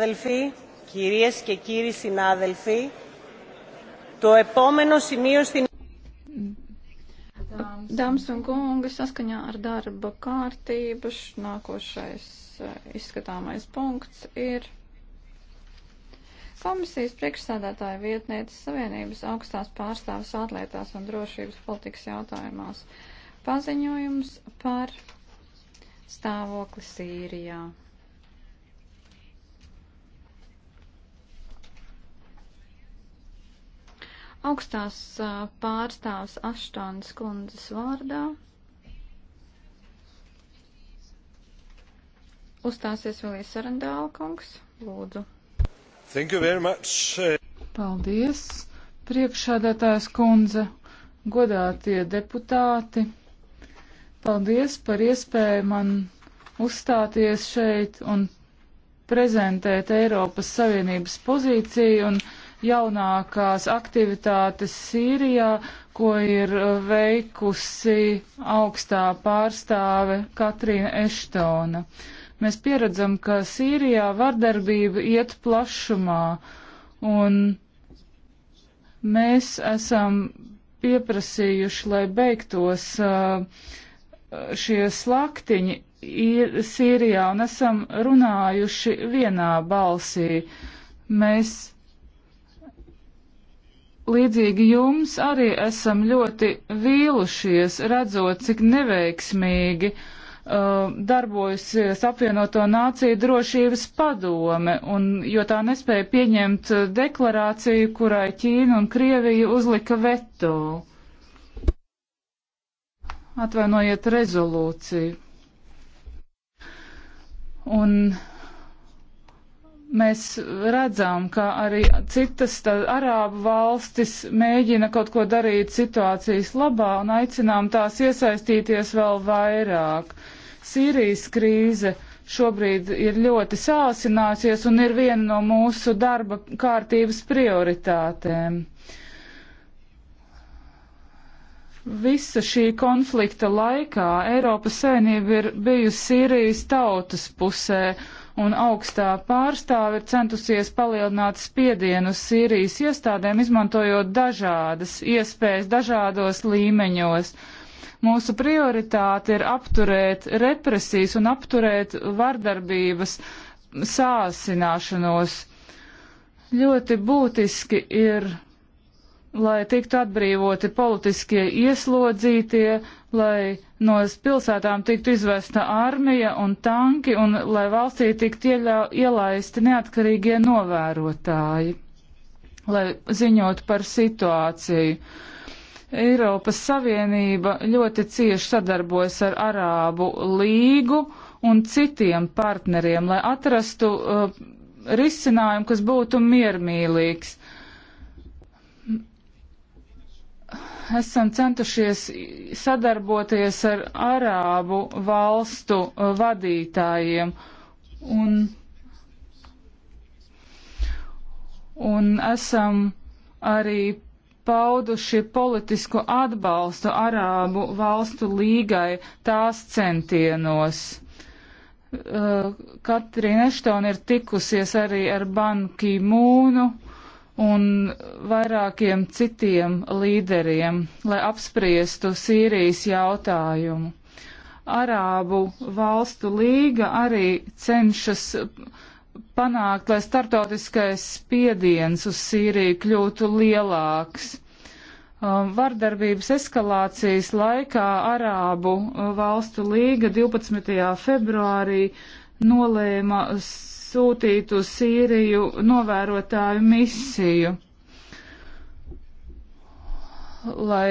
Αδελφοί, κυρίες και κύριοι συνάδελφοι, το επόμενο σημείο στην... Dāmas un kungi, saskaņā ar darba kārtību nākošais eh, izskatāmais punkts ir Komisijas priekšsēdētāja vietnietes Savienības augstās pārstāvis atlietās un drošības politikas jautājumās paziņojums par stāvokli Sīrijā. augstās pārstāvs Aštānas kundzes vārdā uzstāsies vēl Sarandāla kungs. Lūdzu. Thank you very much. Paldies, priekšādātājs kundze, godātie deputāti. Paldies par iespēju man uzstāties šeit un prezentēt Eiropas Savienības pozīciju un pozīciju jaunākās aktivitātes Sīrijā, ko ir veikusi augstā pārstāve Katrīna Eštona. Mēs pieredzam, ka Sīrijā vardarbība iet plašumā, un mēs esam pieprasījuši, lai beigtos uh, šie slaktiņi Sīrijā, un esam runājuši vienā balsī. Mēs līdzīgi jums arī esam ļoti vīlušies, redzot, cik neveiksmīgi uh, darbojusies apvienoto nāciju drošības padome, un, jo tā nespēja pieņemt deklarāciju, kurai Ķīna un Krievija uzlika veto. Atvainojiet rezolūciju. Un mēs redzam, ka arī citas tā, arābu valstis mēģina kaut ko darīt situācijas labā un aicinām tās iesaistīties vēl vairāk. Sīrijas krīze šobrīd ir ļoti sāsināsies un ir viena no mūsu darba kārtības prioritātēm. Visa šī konflikta laikā Eiropas saimnība ir bijusi Sīrijas tautas pusē un augstā pārstāve ir centusies palielināt spiedienu uz Sīrijas iestādēm, izmantojot dažādas iespējas dažādos līmeņos. Mūsu prioritāte ir apturēt represijas un apturēt vardarbības sāsināšanos. Ļoti būtiski ir, lai tiktu atbrīvoti politiskie ieslodzītie, lai no pilsētām tiktu izvesta armija un tanki un lai valstī tiktu ielaisti neatkarīgie novērotāji, lai ziņot par situāciju. Eiropas Savienība ļoti cieši sadarbojas ar Arābu līgu un citiem partneriem, lai atrastu uh, risinājumu, kas būtu miermīlīgs. esam centušies sadarboties ar arābu valstu uh, vadītājiem un, un esam arī pauduši politisku atbalstu arābu valstu līgai tās centienos. Uh, Katrīna Eštona ir tikusies arī ar Ban Ki-mūnu un vairākiem citiem līderiem, lai apspriestu Sīrijas jautājumu. Arābu valstu līga arī cenšas panākt, lai startautiskais spiediens uz Sīriju kļūtu lielāks. Um, vardarbības eskalācijas laikā Arābu valstu līga 12. februārī nolēma sūtīt uz Sīriju novērotāju misiju, lai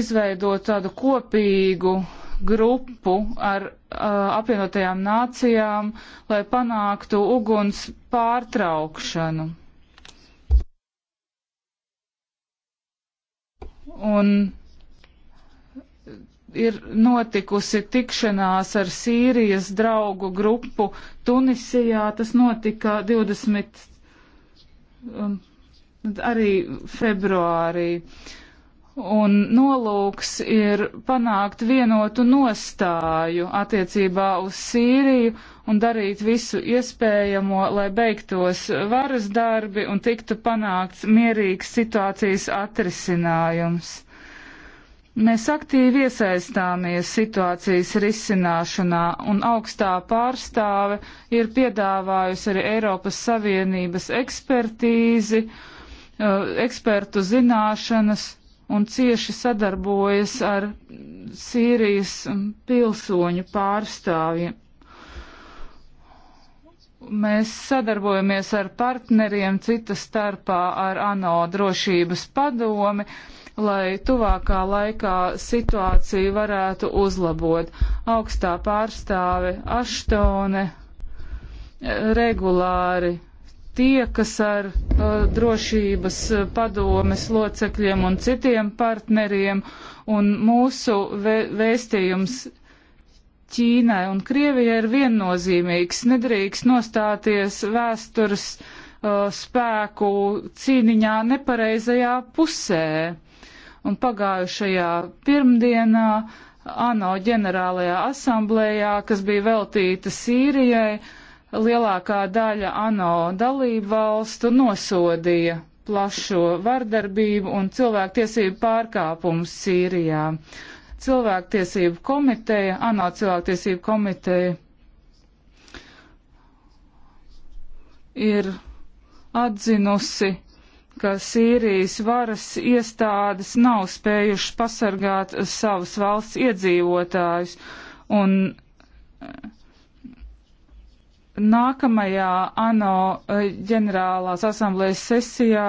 izveidot tādu kopīgu grupu ar uh, apvienotajām nācijām, lai panāktu uguns pārtraukšanu. Un ir notikusi tikšanās ar Sīrijas draugu grupu Tunisijā tas notika 20. Um, arī februārī. Un nolūks ir panākt vienotu nostāju attiecībā uz Sīriju un darīt visu iespējamo, lai beigtos varas darbi un tiktu panākts mierīgs situācijas atrisinājums. Mēs aktīvi iesaistāmies situācijas risināšanā, un augstā pārstāve ir piedāvājusi arī Eiropas Savienības ekspertīzi, uh, ekspertu zināšanas un cieši sadarbojas ar Sīrijas pilsoņu pārstāvjiem. Mēs sadarbojamies ar partneriem, cita starpā ar ANO drošības padomi, lai tuvākā laikā situāciju varētu uzlabot. Augstā pārstāve Aštone eh, regulāri tiekas ar uh, drošības eh, padomes locekļiem un citiem partneriem, un mūsu vē vēstījums Ķīnai un Krievijai ir viennozīmīgs. Nedrīkst nostāties vēstures uh, spēku cīniņā nepareizajā pusē un pagājušajā pirmdienā ANO ģenerālajā asamblējā, kas bija veltīta Sīrijai, lielākā daļa ANO dalību valstu nosodīja plašo vardarbību un cilvēktiesību pārkāpumus Sīrijā. Cilvēktiesību komiteja, ANO cilvēktiesību komiteja ir atzinusi ka Sīrijas varas iestādes nav spējušas pasargāt savas valsts iedzīvotājus. Un eh, nākamajā ANO eh, ģenerālās asamblējas sesijā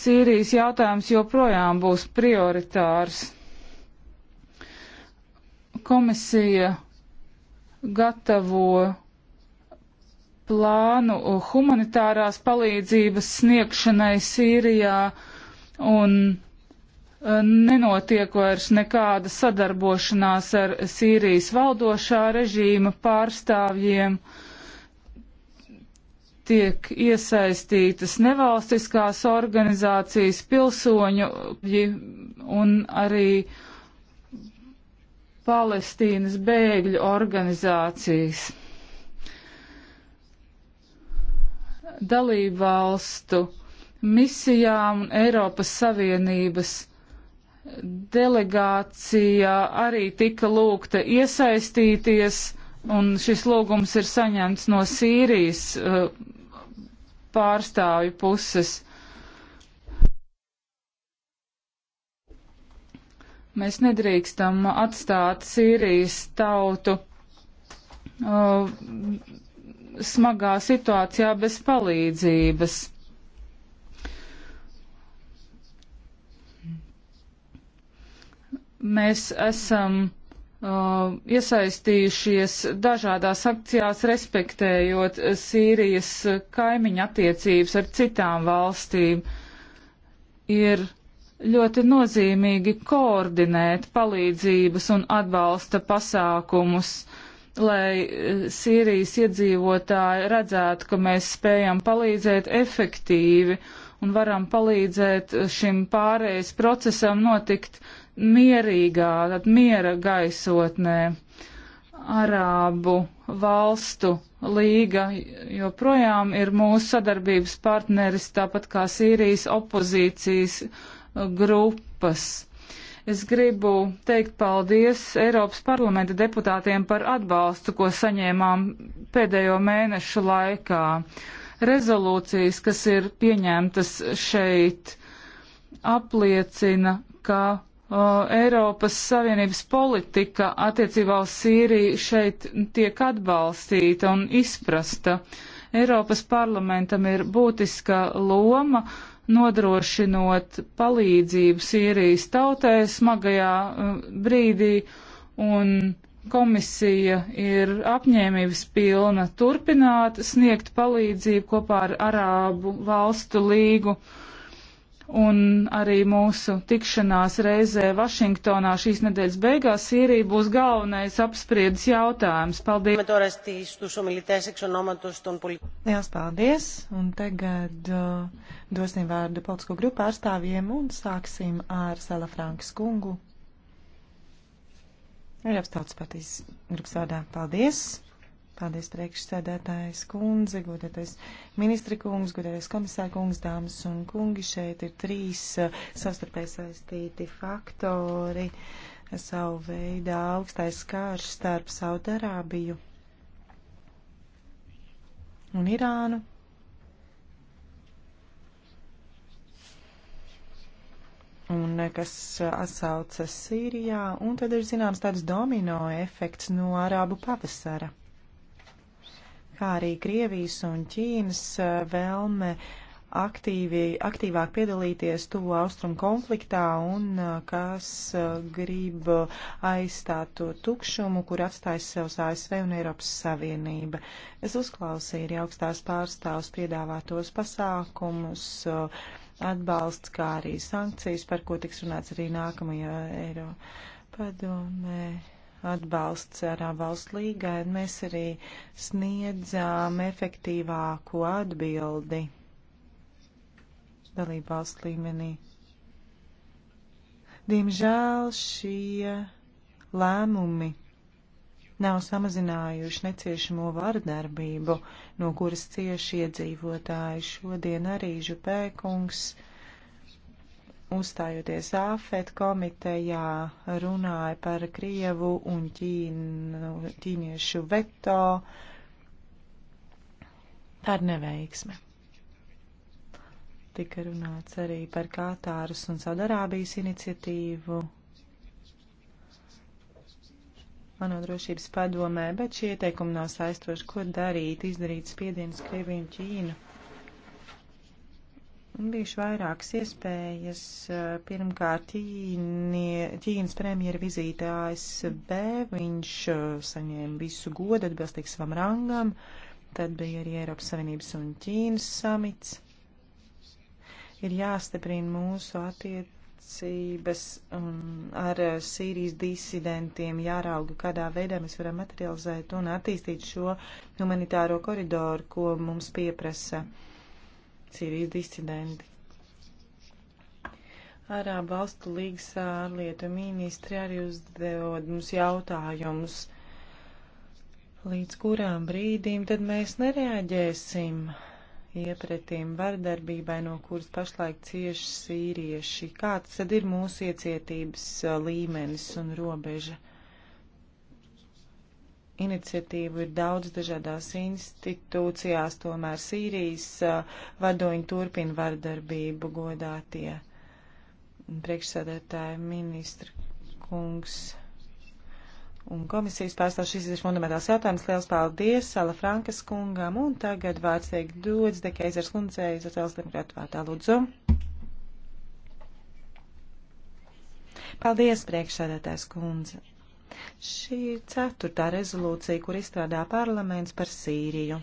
Sīrijas jautājums joprojām būs prioritārs. Komisija gatavo plānu humanitārās palīdzības sniegšanai Sīrijā un e, nenotiek vairs nekāda sadarbošanās ar Sīrijas valdošā režīma pārstāvjiem, tiek iesaistītas nevalstiskās organizācijas pilsoņu un arī Palestīnas bēgļu organizācijas. dalību valstu misijām un Eiropas Savienības delegācija arī tika lūgta iesaistīties, un šis lūgums ir saņemts no Sīrijas uh, pārstāvju puses. Mēs nedrīkstam atstāt Sīrijas tautu. Uh, smagā situācijā bez palīdzības. Mēs esam uh, iesaistījušies dažādās akcijās, respektējot Sīrijas kaimiņu attiecības ar citām valstīm. Ir ļoti nozīmīgi koordinēt palīdzības un atbalsta pasākumus uh, lai eh, Sīrijas iedzīvotāji redzētu, ka mēs spējam palīdzēt efektīvi un varam palīdzēt šim pārējais procesam notikt mierīgā, tad miera gaisotnē. Arābu valstu līga joprojām ir mūsu sadarbības partneris, tāpat kā Sīrijas opozīcijas grupas. Es gribu teikt paldies Eiropas parlamenta deputātiem par atbalstu, ko saņēmām pēdējo mēnešu laikā. Rezolūcijas, kas ir pieņemtas šeit, apliecina, ka uh, Eiropas Savienības politika attiecībā uz Sīriju šeit tiek atbalstīta un izprasta. Eiropas parlamentam ir būtiska loma nodrošinot palīdzību Sīrijas tautai smagajā uh, brīdī, un komisija ir apņēmības pilna turpināt sniegt palīdzību kopā ar Arābu valstu līgu. Un arī mūsu tikšanās reizē Vašingtonā šīs nedēļas beigās Sīrija būs galvenais apspriedas jautājums. Paldies! Liels paldies! Un tagad uh, Dosim vārdu politisko grupu pārstāvjiem un sāksim ar Sela Frankas kungu. Ir apstāts patīs grupas vārdā. Paldies! Paldies priekšsēdētājs kundze, godētais ministri kungs, godētais komisāra kungs, dāmas un kungi. Šeit ir trīs uh, savstarpēji saistīti faktori savu veidā augstais kārš starp Saudarābiju un Irānu. un kas atsaucas Sīrijā, un tad ir zināms tāds domino efekts no Arābu pavasara, kā arī Krievijas un Ķīnas vēlme aktīvi, aktīvāk piedalīties tuvu austrumu konfliktā un kas grib aizstāt to tukšumu, kur atstājas savus ASV un Eiropas Savienība. Es uzklausīju arī augstās pārstāvs piedāvātos pasākumus. Uh, atbalsts, kā arī sankcijas, par ko tiks runāts arī nākamajā Eiro padomē atbalsts ārā valsts līgai, un mēs arī sniedzām efektīvāku atbildi dalību valsts līmenī. Diemžēl šie lēmumi nav samazinājuši neciešamo vardarbību, no kuras cieši iedzīvotāji. Šodien arī Župēkungs, uzstājoties AFET komitejā, runāja par Krievu un ķīnu, ķīniešu veto. Tā ir neveiksme. Tika runāts arī par Kātāras un Saudarābijas iniciatīvu ANO drošības padomē, bet šie ieteikumi nav saistoši, ko darīt, izdarīt spiedienus Krieviju un Ķīnu. Bijuši vairākas iespējas. Pirmkārt, Ķīnie, Ķīnas premjera vizīte ASV, viņš uh, saņēma visu godu atbilstīgi savam rangam. Tad bija arī Eiropas Savienības un Ķīnas samits. Ir jāstiprina mūsu attiecības attiecības un ar Sīrijas disidentiem jārauga, kādā veidā mēs varam materializēt un attīstīt šo humanitāro koridoru, ko mums pieprasa Sīrijas disidenti. Arābu valstu līgas ārlietu ministri arī uzdevot mums jautājumus, līdz kurām brīdīm tad mēs nereaģēsim iepretīm vardarbībai, no kuras pašlaik cieši sīrieši. Kāds tad ir mūsu iecietības līmenis un robeža? Iniciatīvu ir daudz dažādās institūcijās, tomēr Sīrijas vadoņi turpina vardarbību godātie priekšsēdētāji ministri kungs un komisijas pārstāvs. Šis ir fundamentāls jautājums. Liels paldies Sala Frankas kungam. Un tagad vārds tiek dots Dekeizers kundzei sociāls demokrātu vārtā lūdzu. Paldies, priekšsēdētājs kundze. Šī ir ceturtā rezolūcija, kur izstrādā parlaments par Sīriju.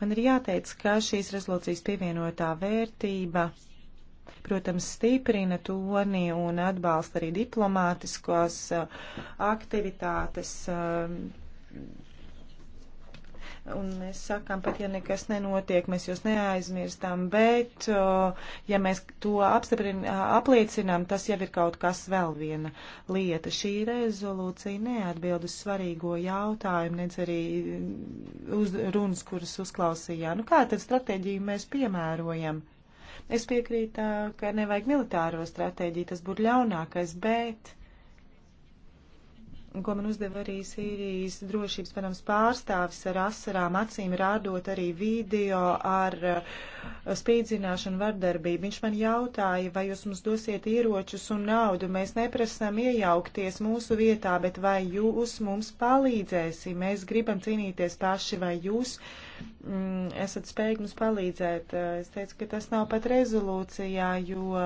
Man ir jāteic, ka šīs rezolūcijas pievienotā vērtība protams, stiprina toni un atbalsta arī diplomātiskos uh, aktivitātes. Uh, un mēs sakām, pat ja nekas nenotiek, mēs jūs neaizmirstam, bet uh, ja mēs to apliecinām, tas jau ir kaut kas vēl viena lieta. Šī rezolūcija neatbild uz svarīgo jautājumu, nedz arī uz runas, kuras uzklausījām. Nu, kā tad stratēģiju mēs piemērojam? Es piekrītu, uh, ka nevajag militāro stratēģiju, tas būtu ļaunākais, bet, ko man uzdeva arī Sīrijas drošības panams pārstāvis ar asarām acīm, rādot arī video ar uh, spīdzināšanu vardarbību, viņš man jautāja, vai jūs mums dosiet ieročus un naudu, mēs neprasam iejaukties mūsu vietā, bet vai jūs mums palīdzēsim, mēs gribam cīnīties paši vai jūs. Uh, mm, esat spējīgi mums palīdzēt. Eh, es teicu, ka tas nav pat rezolūcijā, jo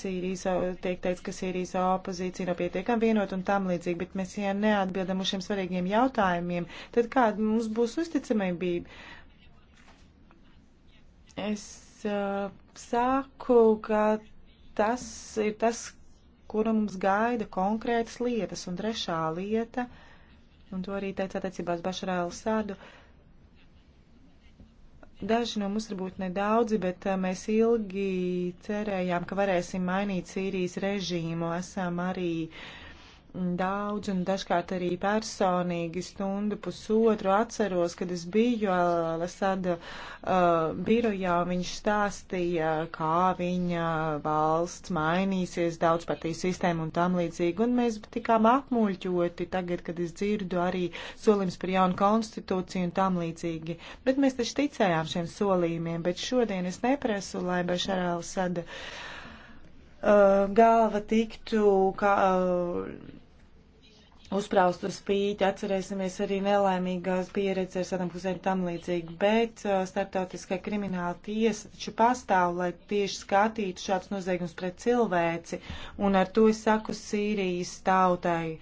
Sīrijas, tiek teikt, ka Sīrijas opozīcija nav pietiekami vienot un tam līdzīgi, bet mēs ja neatbildam uz šiem svarīgiem jautājumiem, tad kāda mums būs uzticamība? Es uh, saku, ka tas ir tas, kura mums gaida konkrētas lietas. Un trešā lieta, un to arī teica attiecībās Bašarēlu Sādu, uh, Daži no mums varbūt nedaudzi, bet eh, mēs ilgi cerējām, ka varēsim mainīt Sīrijas režīmu. Esam arī uh, daudz un dažkārt arī personīgi stundu pusotru atceros, kad es biju Lasada uh, birojā, viņš stāstīja, kā viņa valsts mainīsies, daudz partiju sistēmu un tam līdzīgi, un mēs tikām apmuļķoti tagad, kad es dzirdu arī solījums par jaunu konstitūciju un tam līdzīgi. Bet mēs taču ticējām šiem solījumiem, bet šodien es neprasu, lai Bašarā Lasada uh, galva tiktu kā. Uh, uzpraust uz spīti. Atcerēsimies arī nelaimīgās pieredzes ar Sadam Husēnu tam līdzīgi, bet uh, starptautiskai krimināla tiesa taču pastāv, lai tieši skatītu šāds noziegums pret cilvēci, un ar to es saku Sīrijas tautai.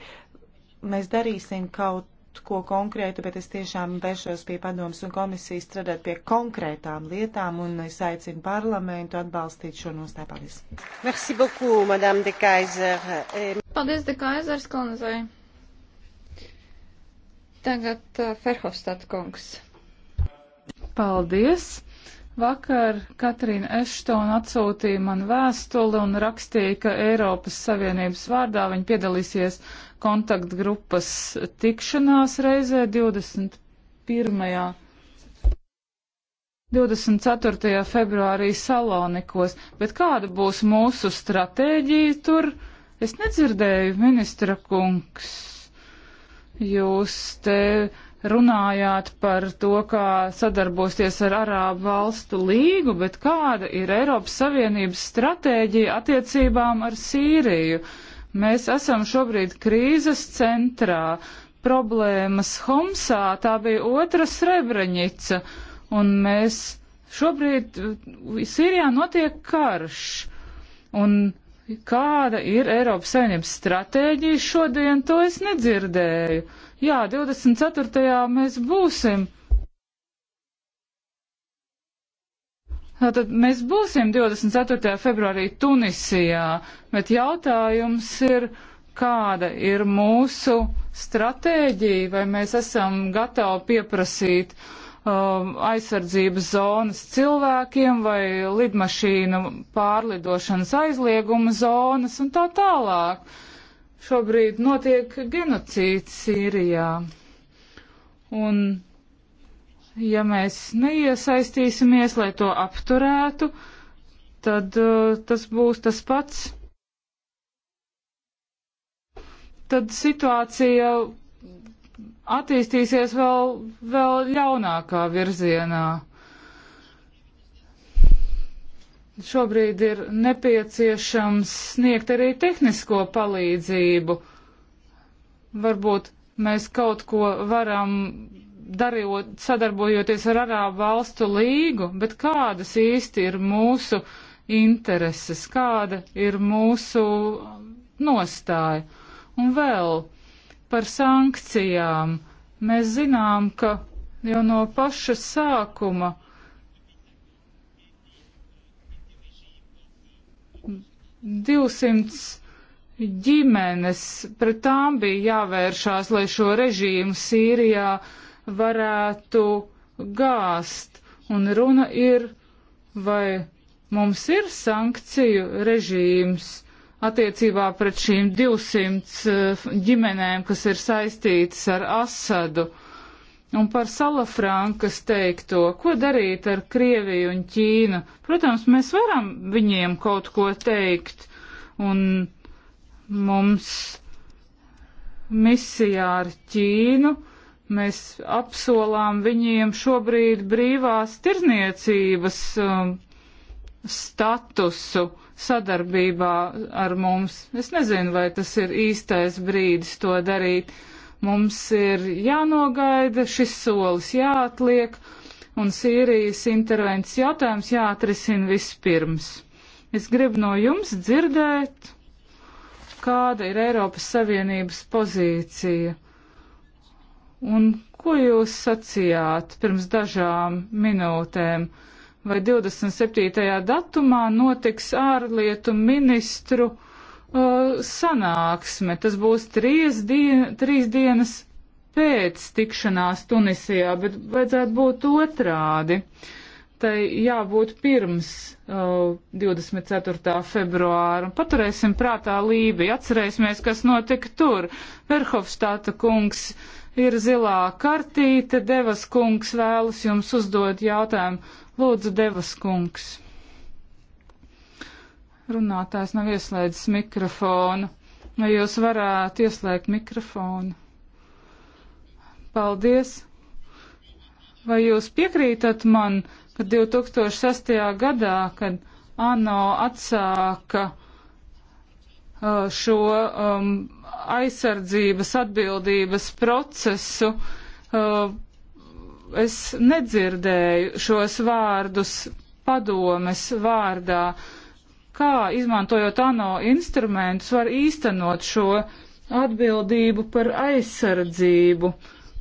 Mēs darīsim kaut ko konkrētu, bet es tiešām vēršos pie padomas un komisijas strādāt pie konkrētām lietām un es aicinu parlamentu atbalstīt šo nostāju. Paldies. Merci beaucoup, Madame de Kaiser. Paldies, de Kaisers, Kalnazai. Tagad uh, Ferhofstad kungs. Paldies! Vakar Katrīna Eštona atsūtīja man vēstuli un rakstīja, ka Eiropas Savienības vārdā viņa piedalīsies kontaktgrupas tikšanās reizē 21. 24. februārī Salonikos, bet kāda būs mūsu stratēģija tur? Es nedzirdēju, ministra kungs. Jūs te runājāt par to, kā sadarbosties ar Arābu valstu līgu, bet kāda ir Eiropas Savienības stratēģija attiecībām ar Sīriju? Mēs esam šobrīd krīzes centrā. Problēmas Homsā tā bija otra Srebrenica, un mēs šobrīd Sīrijā notiek karš. Un Kāda ir Eiropas Savienības stratēģija šodien, to es nedzirdēju. Jā, 24. mēs būsim. Tātad mēs būsim 24. februārī Tunisijā, bet jautājums ir, kāda ir mūsu stratēģija, vai mēs esam gatavi pieprasīt uh, um, aizsardzības zonas cilvēkiem vai lidmašīnu pārlidošanas aizlieguma zonas un tā tālāk. Šobrīd notiek genocīds Sīrijā. Un ja mēs neiesaistīsimies, lai to apturētu, tad uh, tas būs tas pats. Tad situācija attīstīsies vēl, vēl ļaunākā virzienā. Šobrīd ir nepieciešams sniegt arī tehnisko palīdzību. Varbūt mēs kaut ko varam darot, sadarbojoties ar Arābu valstu līgu, bet kādas īsti ir mūsu intereses, kāda ir mūsu nostāja. Un vēl par sankcijām. Mēs zinām, ka jau no paša sākuma divsimts ģimenes pret tām bija jāvēršās, lai šo režīmu Sīrijā varētu gāst. Un runa ir, vai mums ir sankciju režīms attiecībā pret šīm 200 eh, ģimenēm, kas ir saistītas ar Asadu. Un par Salafrankas teikto, ko darīt ar Krieviju un Ķīnu? Protams, mēs varam viņiem kaut ko teikt, un mums misijā ar Ķīnu mēs apsolām viņiem šobrīd brīvās tirzniecības um, statusu sadarbībā ar mums. Es nezinu, vai tas ir īstais brīdis to darīt. Mums ir jānogaida, šis solis jāatliek, un Sīrijas intervences jautājums jāatrisina vispirms. Es gribu no jums dzirdēt, kāda ir Eiropas Savienības pozīcija. Un ko jūs sacījāt pirms dažām minūtēm? vai 27. datumā notiks ārlietu ministru uh, sanāksme. Tas būs trīs, dien trīs dienas pēc tikšanās Tunisijā, bet vajadzētu būt otrādi. Tai jābūt pirms uh, 24. februāra. Paturēsim prātā Lībiju, atcerēsimies, kas notika tur. Verhofstāta kungs ir zilā kartīte, Devas kungs vēlas jums uzdot jautājumu Lūdzu, Devas kungs. Runātājs nav ieslēdzis mikrofonu. Vai jūs varētu ieslēgt mikrofonu? Paldies! Vai jūs piekrītat man, ka 2006. gadā, kad ANO atsāka uh, šo um, aizsardzības atbildības procesu, uh, es nedzirdēju šos vārdus padomes vārdā, kā izmantojot ANO instrumentus var īstenot šo atbildību par aizsardzību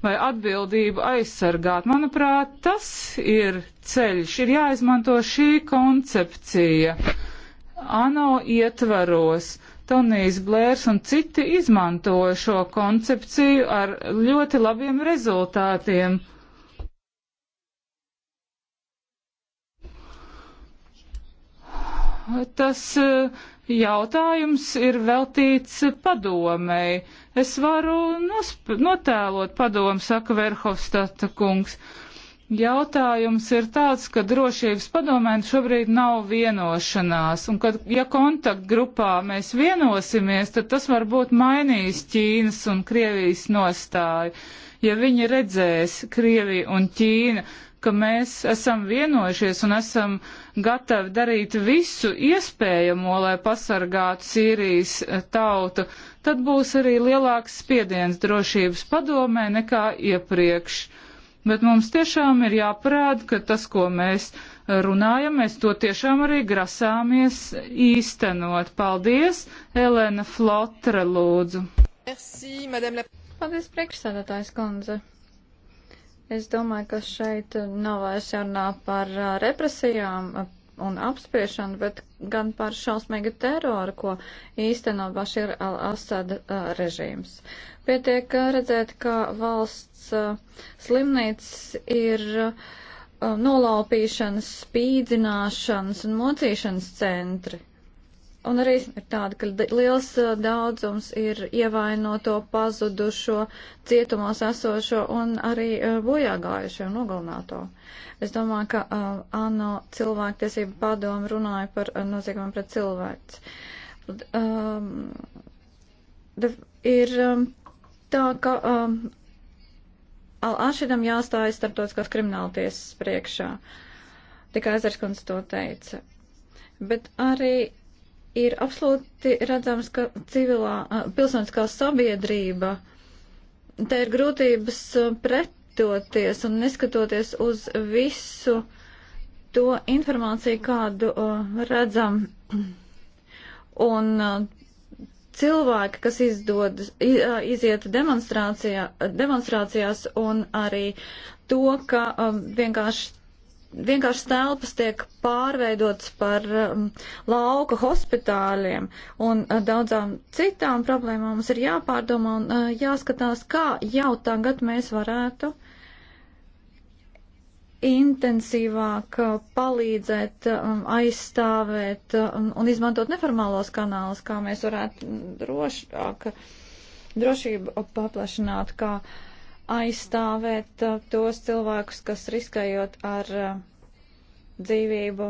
vai atbildību aizsargāt. Manuprāt, tas ir ceļš, ir jāizmanto šī koncepcija. ANO ietvaros Tonijs Blērs un citi izmantoja šo koncepciju ar ļoti labiem rezultātiem. tas eh, jautājums ir veltīts padomēji. Es varu notēlot padomu, saka Verhofstata kungs. Jautājums ir tāds, ka drošības padomē šobrīd nav vienošanās, un kad, ja kontaktgrupā mēs vienosimies, tad tas varbūt mainīs Ķīnas un Krievijas nostāju. Ja viņi redzēs Krieviju un Ķīnu, ka mēs esam vienojušies un esam gatavi darīt visu iespējamo, lai pasargātu Sīrijas tautu, tad būs arī lielāks spiediens drošības padomē nekā iepriekš. Bet mums tiešām ir jāparāda, ka tas, ko mēs runājam, mēs to tiešām arī grasāmies īstenot. Paldies, Elena Flotre, lūdzu. Merci, la... Paldies, priekšsēdētājs Konze. Es domāju, ka šeit nav vairs jārunā par represijām un apspiešanu, bet gan par šausmīgu teroru, ko īsteno Bašir al-Assad režīms. Pietiek redzēt, ka valsts slimnīcas ir nolaupīšanas, spīdzināšanas un mocīšanas centri. Un arī ir tāda, ka liels uh, daudzums ir ievainoto, pazudušo, cietumos esošo un arī uh, bojā gājušo un nogalināto. Es domāju, ka uh, ANO cilvēktiesība padomu runāja par uh, noziegumiem pret cilvēks. Um, ir um, tā, ka um, Al-Ašidam jāstājas starptautiskās krimināla tiesas priekšā. Tikai Ezerskundze to teica. Bet arī ir absolūti redzams, ka civilā pilsoniskā sabiedrība, te ir grūtības pretoties un neskatoties uz visu to informāciju, kādu redzam. Un cilvēki, kas izdod, iziet demonstrācijā, demonstrācijās un arī to, ka vienkārši vienkārši telpas tiek pārveidotas par um, lauka hospitāļiem un uh, daudzām citām problēmām mums ir jāpārdomā un uh, jāskatās, kā jau tagad mēs varētu intensīvāk uh, palīdzēt, um, aizstāvēt um, un izmantot neformālos kanālus, kā mēs varētu drošāk, drošību paplašināt, kā uh, aizstāvēt uh, tos cilvēkus, kas riskējot ar uh, dzīvību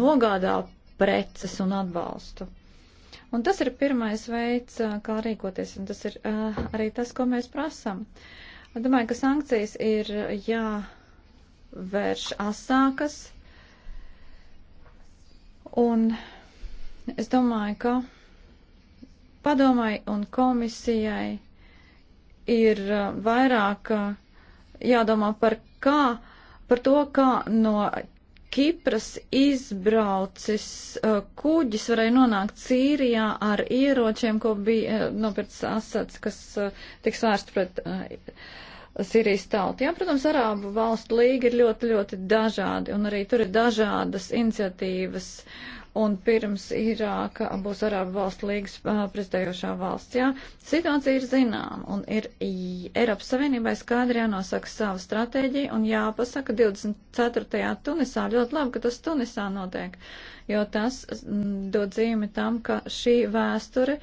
nogādā preces un atbalstu. Un tas ir pirmais veids, uh, kā rīkoties, un tas ir uh, arī tas, ko mēs prasam. Domāju, ka sankcijas ir jāvērš asākas, un es domāju, ka padomai un komisijai ir vairāk jādomā par kā, par to, kā no Kipras izbraucis kuģis varēja nonākt Sīrijā ar ieročiem, ko bija nopircis Asats, kas tiks vērsts pret Sīrijas tautu. Jā, protams, Arābu valstu līga ir ļoti, ļoti dažādi, un arī tur ir dažādas iniciatīvas. Uh, un pirms Irāka būs Arābu valstu līgas prezidējošā valsts. Jā, situācija ir zinām, un ir Eiropas Savienībai skaidri jānosaka savu stratēģiju, un jāpasaka 24. Tunisā, ļoti labi, ka tas Tunisā notiek, jo tas dod zīmi tam, ka šī vēsture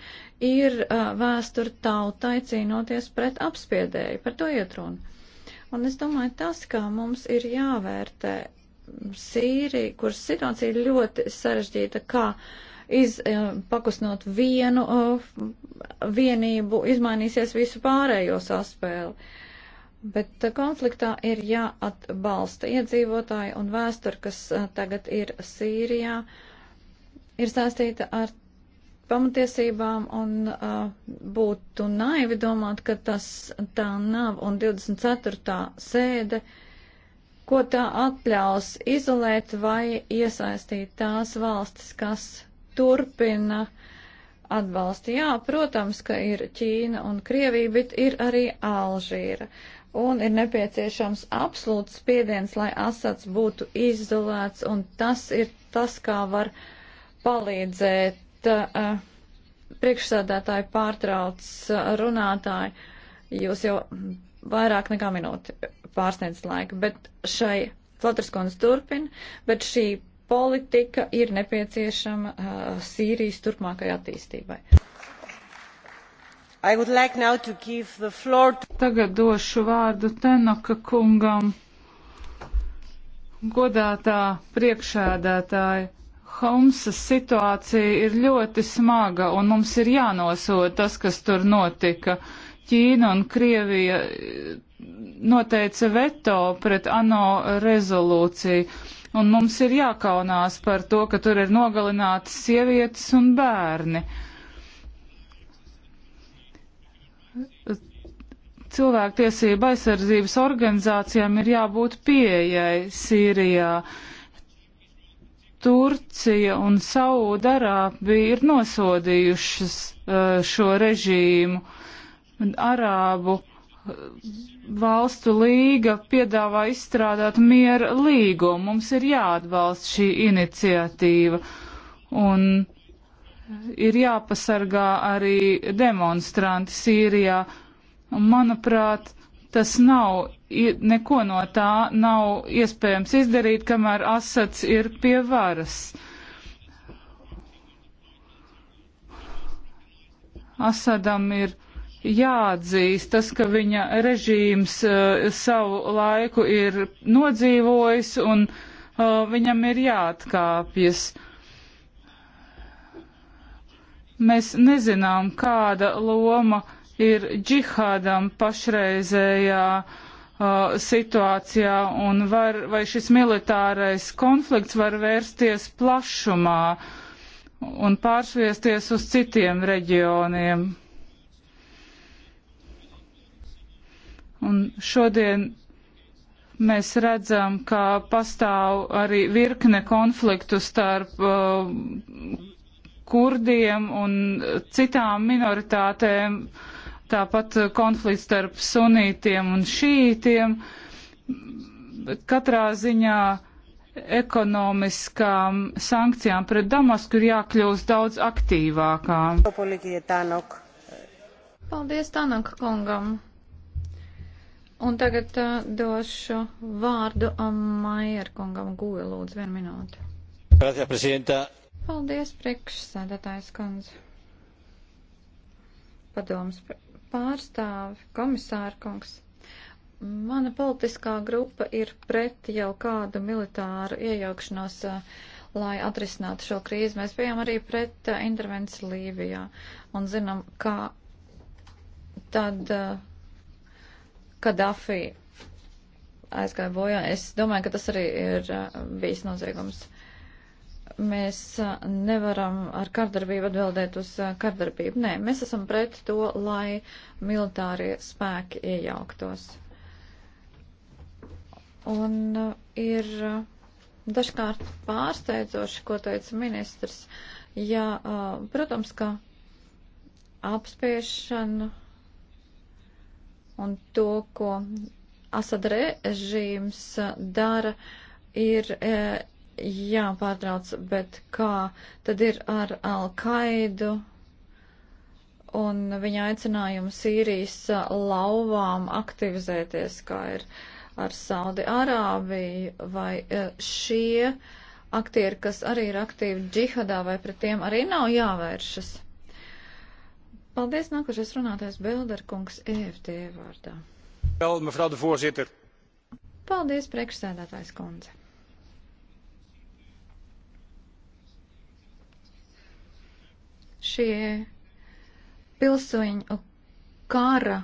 ir vēsture tautai cīnoties pret apspiedēju. Par to iet runa. Un es domāju, tas, kā mums ir jāvērtē Sīriju, kuras situācija ir ļoti sarežģīta, kā izpakusnot eh, vienu eh, vienību, izmainīsies visu pārējo saspēli. Bet eh, konfliktā ir jāatbalsta iedzīvotāji un vēsture, kas tagad ir Sīrijā, ir saistīta ar pamatiesībām un uh, būtu naivi domāt, ka tas tā nav un 24. sēde uh, ko tā atļaus izolēt vai iesaistīt tās valstis, kas turpina atbalstu. Jā, protams, ka ir Ķīna un Krievija, bet ir arī Alžīra. Un ir nepieciešams absolūts spiediens, lai Asats būtu izolēts, un tas ir tas, kā var palīdzēt uh, eh, priekšsēdētāji pārtrauc eh, runātāji. Jūs jau vairāk nekā minūti pārsniedz laiku, bet šai Flatterskons turpina, bet šī politika ir nepieciešama uh, Sīrijas turpmākai attīstībai. Like to... Tagad došu vārdu Tenaka kungam. Godātā priekšēdētāja. Homsa situācija ir ļoti smaga un mums ir jānosoda tas, kas tur notika. Ķīna un Krievija noteica veto pret ANO rezolūciju. Un mums ir jākaunās par to, ka tur ir nogalinātas sievietes un bērni. Cilvēktiesība aizsardzības organizācijām ir jābūt pieejai Sīrijā. Turcija un Saudarābija ir nosodījušas eh, šo režīmu. Arābu valstu līga piedāvā izstrādāt miera līgumu. Mums ir jāatbalsta šī iniciatīva un ir jāpasargā arī demonstranti Sīrijā. Un, manuprāt, tas nav, neko no tā nav iespējams izdarīt, kamēr Asats ir pie varas. Asadam ir jāatzīst tas, ka viņa režīms uh, savu laiku ir nodzīvojis un uh, viņam ir jāatkāpjas. Mēs nezinām, kāda loma ir džihādam pašreizējā uh, situācijā un var, vai šis militārais konflikts var vērsties plašumā un pārsviesties uz citiem reģioniem. Un šodien mēs redzam, ka pastāv arī virkne konfliktu starp uh, kurdiem un citām minoritātēm, tāpat konflikts starp sunītiem un šītiem. Bet katrā ziņā ekonomiskām sankcijām pret Damasku ir jākļūst daudz aktīvākām. Paldies Tanaka kungam! Un tagad uh, došu vārdu Maier kungam Gūja lūdzu vienu minūti. Gracias, presidenta. Paldies, priekšsēdētājs kundze. Padoms pārstāvi, komisāra kungs. Mana politiskā grupa ir pret jau kādu militāru iejaukšanos, uh, lai atrisinātu šo krīzi. Mēs bijām arī pret uh, intervenciju Lībijā un zinām, kā tad uh, Kadafi aizgāja bojā. Es domāju, ka tas arī ir uh, bijis noziegums. Mēs uh, nevaram ar kardarbību atbildēt uz uh, kardarbību. Nē, mēs esam pret to, lai militārie spēki iejauktos. Un ir dažkārt pārsteidzoši, ko teica ministrs. Jā, protams, ka apspiešana un to, ko Asad režīms dara, ir e, jāpārtrauc, bet kā tad ir ar Al-Qaidu un viņa aicinājumu Sīrijas lauvām aktivizēties, kā ir ar Saudi Arābiju vai e, šie aktieri, kas arī ir aktīvi džihadā, vai pret tiem arī nav jāvēršas? Paldies, nākošais runātais Belderkungs EFT vārdā. Vēl, mevrouw de voorzitter. Paldies, priekšsēdētājs kundze. Šie pilsoņu kara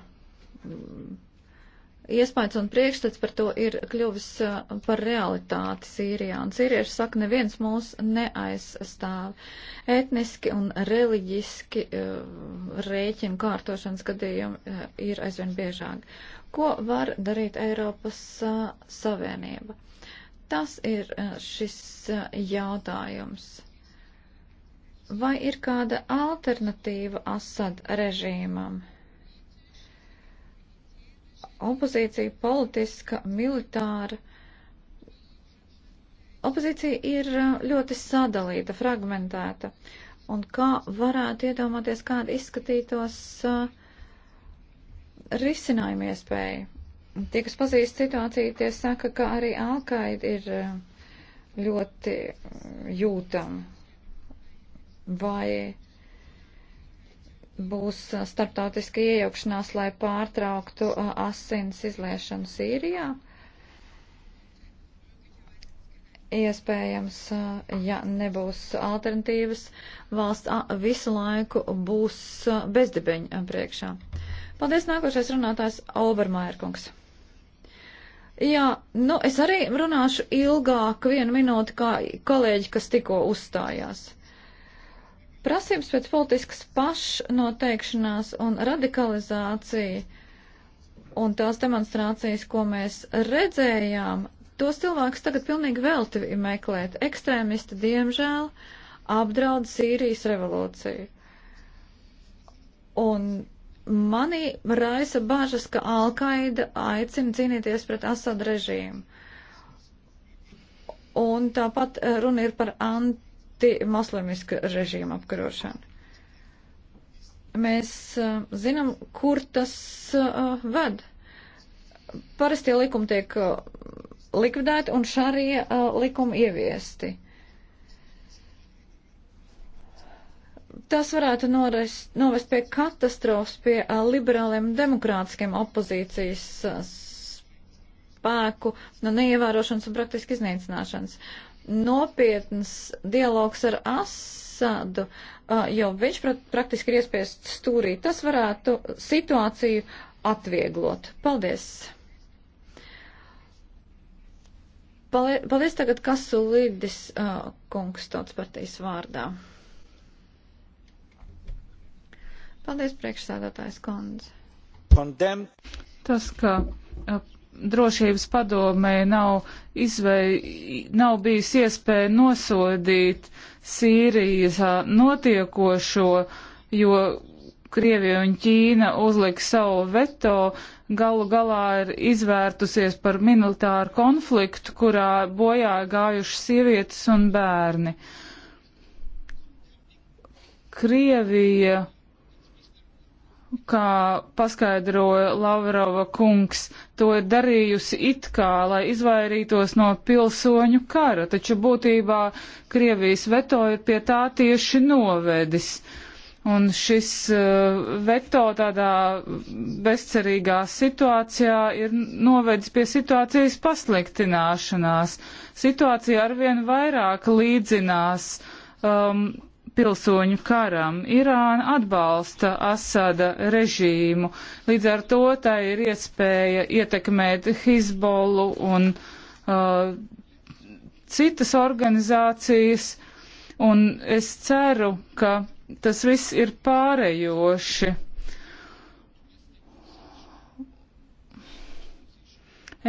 iespējas un priekšstats par to ir kļuvis uh, par realitāti Sīrijā. Un sīrieši saka, neviens mūs neaizstāv. Etniski un reliģiski uh, rēķinu kārtošanas gadījumi uh, ir aizvien biežāk. Ko var darīt Eiropas Savienība? Tas ir šis jautājums. Vai ir kāda alternatīva Asad režīmam? Opozīcija politiska, militāra. Opozīcija ir ļoti sadalīta, fragmentēta. Un kā varētu iedomāties, kāda izskatītos risinājuma iespēja? Tie, kas pazīst situāciju, tie saka, ka arī Alkaida ir ļoti jūtama. Vai būs starptautiska iejaukšanās, lai pārtrauktu asins izliešanu Sīrijā. Iespējams, ja nebūs alternatīvas, valsts visu laiku būs bezdibeņa priekšā. Paldies, nākošais runātājs Overmairkungs. Jā, nu es arī runāšu ilgāk vienu minūti kā kolēģi, kas tikko uzstājās. Prasības pēc politiskas pašnoteikšanās un radikalizācija un tās demonstrācijas, ko mēs redzējām, tos cilvēkus tagad pilnīgi velti meklēt. Ekstrēmisti, diemžēl, apdraud Sīrijas revolūciju. Un manī raisa bažas, ka Alkaida aicina cīnīties pret Asad režīmu. Un tāpat runa ir par anti proti moslimiska režīma apkarošana. Mēs uh, zinām, kur tas uh, ved. Parastie likumi tiek uh, likvidēti un šārie uh, likumi ieviesti. Tas varētu norest, novest pie katastrofas, pie uh, liberāliem demokrātiskiem opozīcijas uh, spēku, no nu, neievērošanas un praktiski iznīcināšanas. Uh, nopietns dialogs ar Asadu, uh, jo viņš praktiski ir iespiests stūrī. Tas varētu situāciju atvieglot. Paldies! Paldies tagad Kasulidis uh, kungs tautas partijas vārdā. Paldies priekšsādātājs kundze. Tas, ka uh, drošības padomē nav, izvei, nav bijis iespēja nosodīt Sīrijas notiekošo, jo Krievija un Ķīna uzlika savu veto, galu galā ir izvērtusies par militāru konfliktu, kurā bojā gājuši sievietes un bērni. Krievija kā paskaidroja Lavrova kungs, to ir darījusi it kā, lai izvairītos no pilsoņu kara, taču būtībā Krievijas veto ir pie tā tieši novedis. Un šis eh, veto tādā bezcerīgā situācijā ir novedis pie situācijas pasliktināšanās. Situācija arvien vairāk līdzinās um, pilsoņu karam. Irāna atbalsta Asada režīmu, līdz ar to tā ir iespēja ietekmēt Hizbolu un uh, citas organizācijas, un es ceru, ka tas viss ir pārējoši.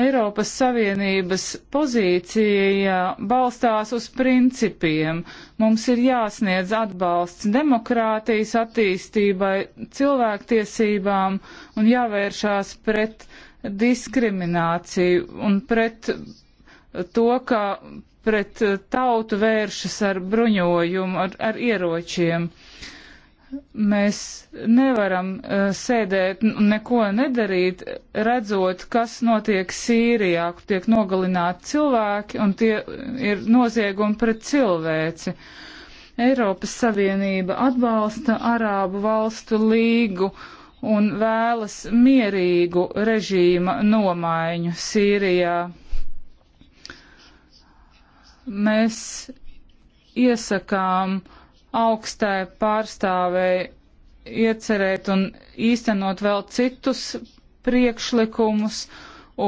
Eiropas Savienības pozīcija balstās uz principiem. Mums ir jāsniedz atbalsts demokrātijas attīstībai, cilvēktiesībām un jāvēršās pret diskrimināciju un pret to, ka pret tautu vēršas ar bruņojumu, ar, ar ieročiem. Uh, Mēs nevaram uh, sēdēt un neko nedarīt, redzot, kas notiek Sīrijā, kur tiek nogalināti cilvēki un tie ir noziegumi pret cilvēci. Eiropas Savienība atbalsta Arābu valstu līgu un vēlas mierīgu režīma nomaiņu Sīrijā. Mēs iesakām uh, augstai pārstāvēji iecerēt un īstenot vēl citus priekšlikumus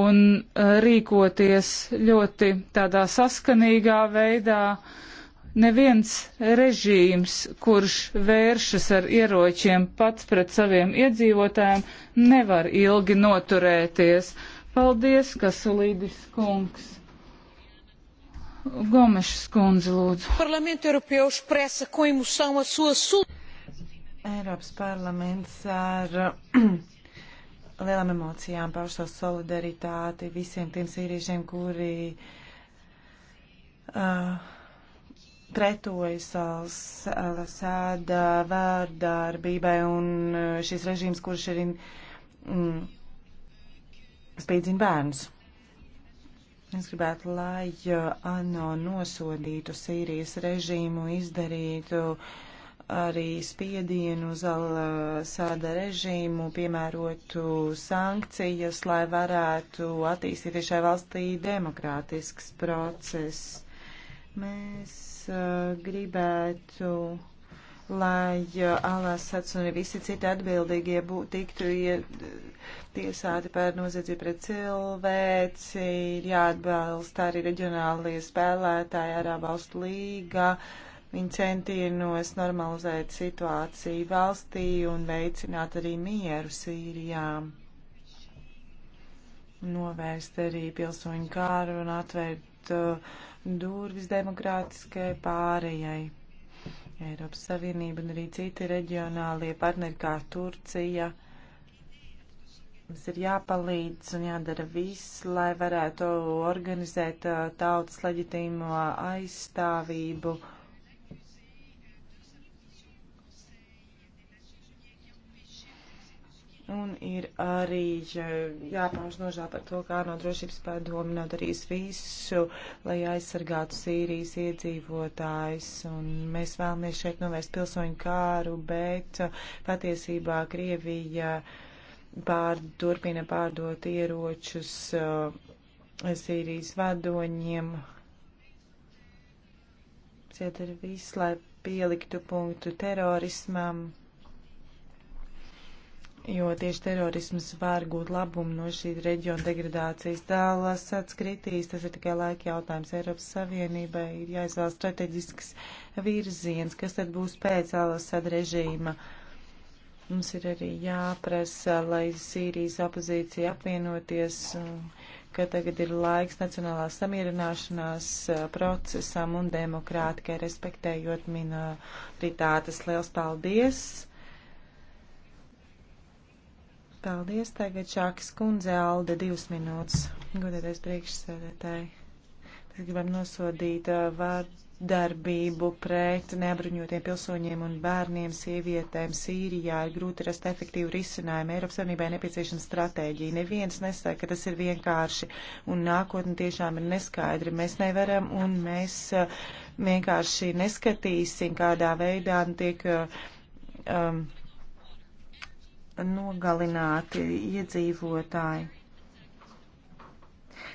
un eh, rīkoties ļoti tādā saskanīgā veidā. Neviens režīms, kurš vēršas ar ieročiem pats pret saviem iedzīvotājiem, nevar ilgi noturēties. Paldies, Kasulīdis kungs! Gomešas kundze, lūdzu. Eiropas parlaments ar lielām emocijām pauž savu solidaritāti visiem tiem sīriešiem, kuri uh, pretojas Al-Asāda al vārdarbībai un šis režīms, kurš ir mm, spīdzina bērnus. Es gribētu, lai ANO nosodītu Sīrijas režīmu, izdarītu arī spiedienu uz Al-Sāda režīmu, piemērotu sankcijas, lai varētu attīstīties šai valstī demokrātisks process. Mēs uh, gribētu lai Alāsats un visi citi atbildīgie būtu tiktu tiesāti par noziedzību pret cilvēci, ir jāatbalsta arī reģionālie spēlētāji ārā valstu līgā, viņi centienos normalizēt situāciju valstī un veicināt arī mieru Sīrijā. Novērst arī pilsoņu kāru un atvērt uh, durvis demokrātiskai pārējai. Eiropas Savienība un arī citi reģionālie partneri kā Turcija. Mums ir jāpalīdz un jādara viss, lai varētu organizēt uh, tautas leģitīmo aizstāvību. Uh, Un ir arī e, jāpauž nožēl par to, kā no drošības padomi nav darījis visu, lai aizsargātu Sīrijas iedzīvotājs. Un mēs vēlamies šeit novērst pilsoņu kāru, bet e, patiesībā Krievija pār, turpina pārdot ieročus uh, Sīrijas vadoņiem. Ciet ir viss, lai pieliktu punktu terorismam jo tieši terorisms var gūt labumu no šī reģiona degradācijas. Tālāk atskritīs, tas ir tikai laika jautājums. Eiropas Savienībai ir jāizvēl strateģisks virziens, kas tad būs pēc Alasad režīma. Mums ir arī jāprasa, lai Sīrijas opozīcija apvienoties, ka tagad ir laiks nacionālās samierināšanās eh, procesam un demokrātikai respektējot minoritātes. Liels paldies! Paldies, tagad Čākas kundze Alde divas minūtes. Godētais priekšsēdētāji. Mēs gribam nosodīt uh, vārdarbību pret neabruņotiem pilsoņiem un bērniem, sievietēm Sīrijā. Ir grūti rast efektīvu risinājumu. Eiropas Savienībai nepieciešama stratēģija. Neviens nesaka, ka tas ir vienkārši un nākotne tiešām ir neskaidra. Mēs nevaram un mēs uh, vienkārši neskatīsim, kādā veidā tiek. Uh, um, nogalināti iedzīvotāji.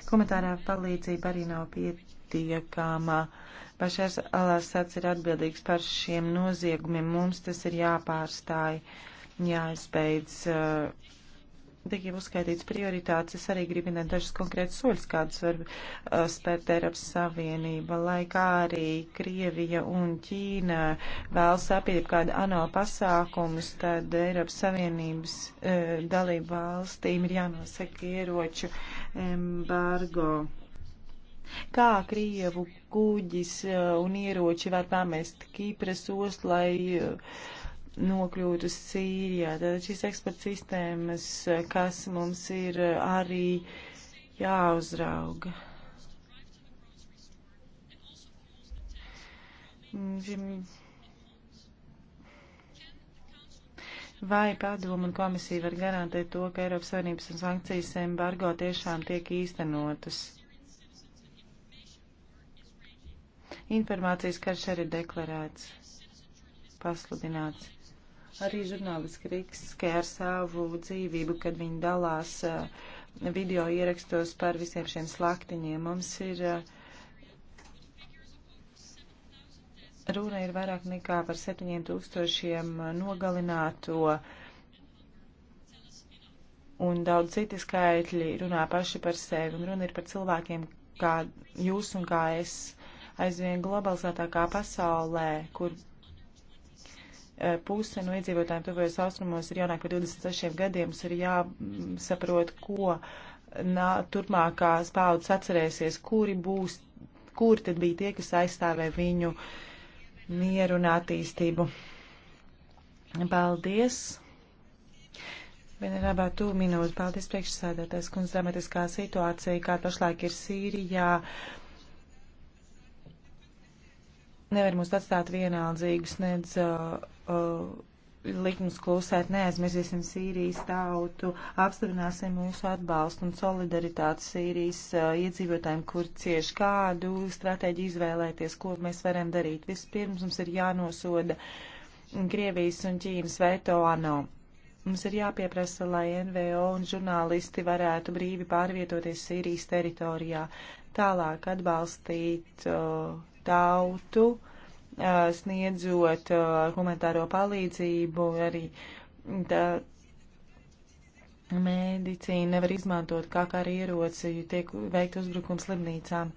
Komentārā palīdzība arī nav pietiekama. Bašars Alasats ir atbildīgs par šiem noziegumiem. Mums tas ir jāpārstāj, jāizbeidz. Uh, Tiek jau uzskaitīts prioritātes, es arī gribu minēt dažas konkrētas soļas, kādas var uh, spērt Eiropas Savienība, lai kā arī Krievija un Ķīna vēlas apiet kādu ANO pasākumus, tad Eiropas Savienības uh, dalību valstīm ir jānosaka ieroču embargo. Kā Krievu kuģis uh, un ieroči var pamest Kīpras ostu, lai. Uh, nokļūtu Sīrijā. Tātad šīs eksporta sistēmas, kas mums ir arī jāuzrauga. Vai padomu un komisija var garantēt to, ka Eiropas Savienības un sankcijas embargo tiešām tiek īstenotas? Informācijas karš arī deklarēts, pasludināts arī žurnālisti riskē ar savu dzīvību, kad viņi dalās eh, video ierakstos par visiem šiem slaktiņiem. Mums ir eh, runa ir vairāk nekā par 7000 eh, nogalināto. Un daudz citi skaitļi runā paši par sevi, un runa ir par cilvēkiem, kā jūs un kā es aizvien globalizētākā pasaulē, kur Eh, puse no iedzīvotājiem tuvējos austrumos ir jaunāk par 26 gadiem. Mums ir jāsaprot, ko nā, turpmākās paudzes atcerēsies, kuri būs, kuri tad bija tie, kas aizstāvē viņu mieru un attīstību. Paldies! Venerābā tu minūte, paldies priekšsēdētājs, kundz dramatiskā situācija, kā pašlaik ir Sīrijā. Nevar mūs atstāt vienaldzīgus, nedz uh, uh, likums klusēt, neaizmirsīsim Sīrijas tautu, apstiprināsim mūsu atbalstu un solidaritāti Sīrijas uh, iedzīvotājiem, kur cieši kādu stratēģiju izvēlēties, ko mēs varam darīt. Vispirms mums ir jānosoda Krievijas un Ķīnas veto ANO. Mums ir jāpieprasa, lai NVO un žurnālisti varētu brīvi pārvietoties Sīrijas teritorijā, tālāk atbalstīt uh, tautu, uh, sniedzot humanitāro palīdzību, arī tā medicīna nevar izmantot kā kā arī ieroci, jo tiek veikt uzbrukums slimnīcām.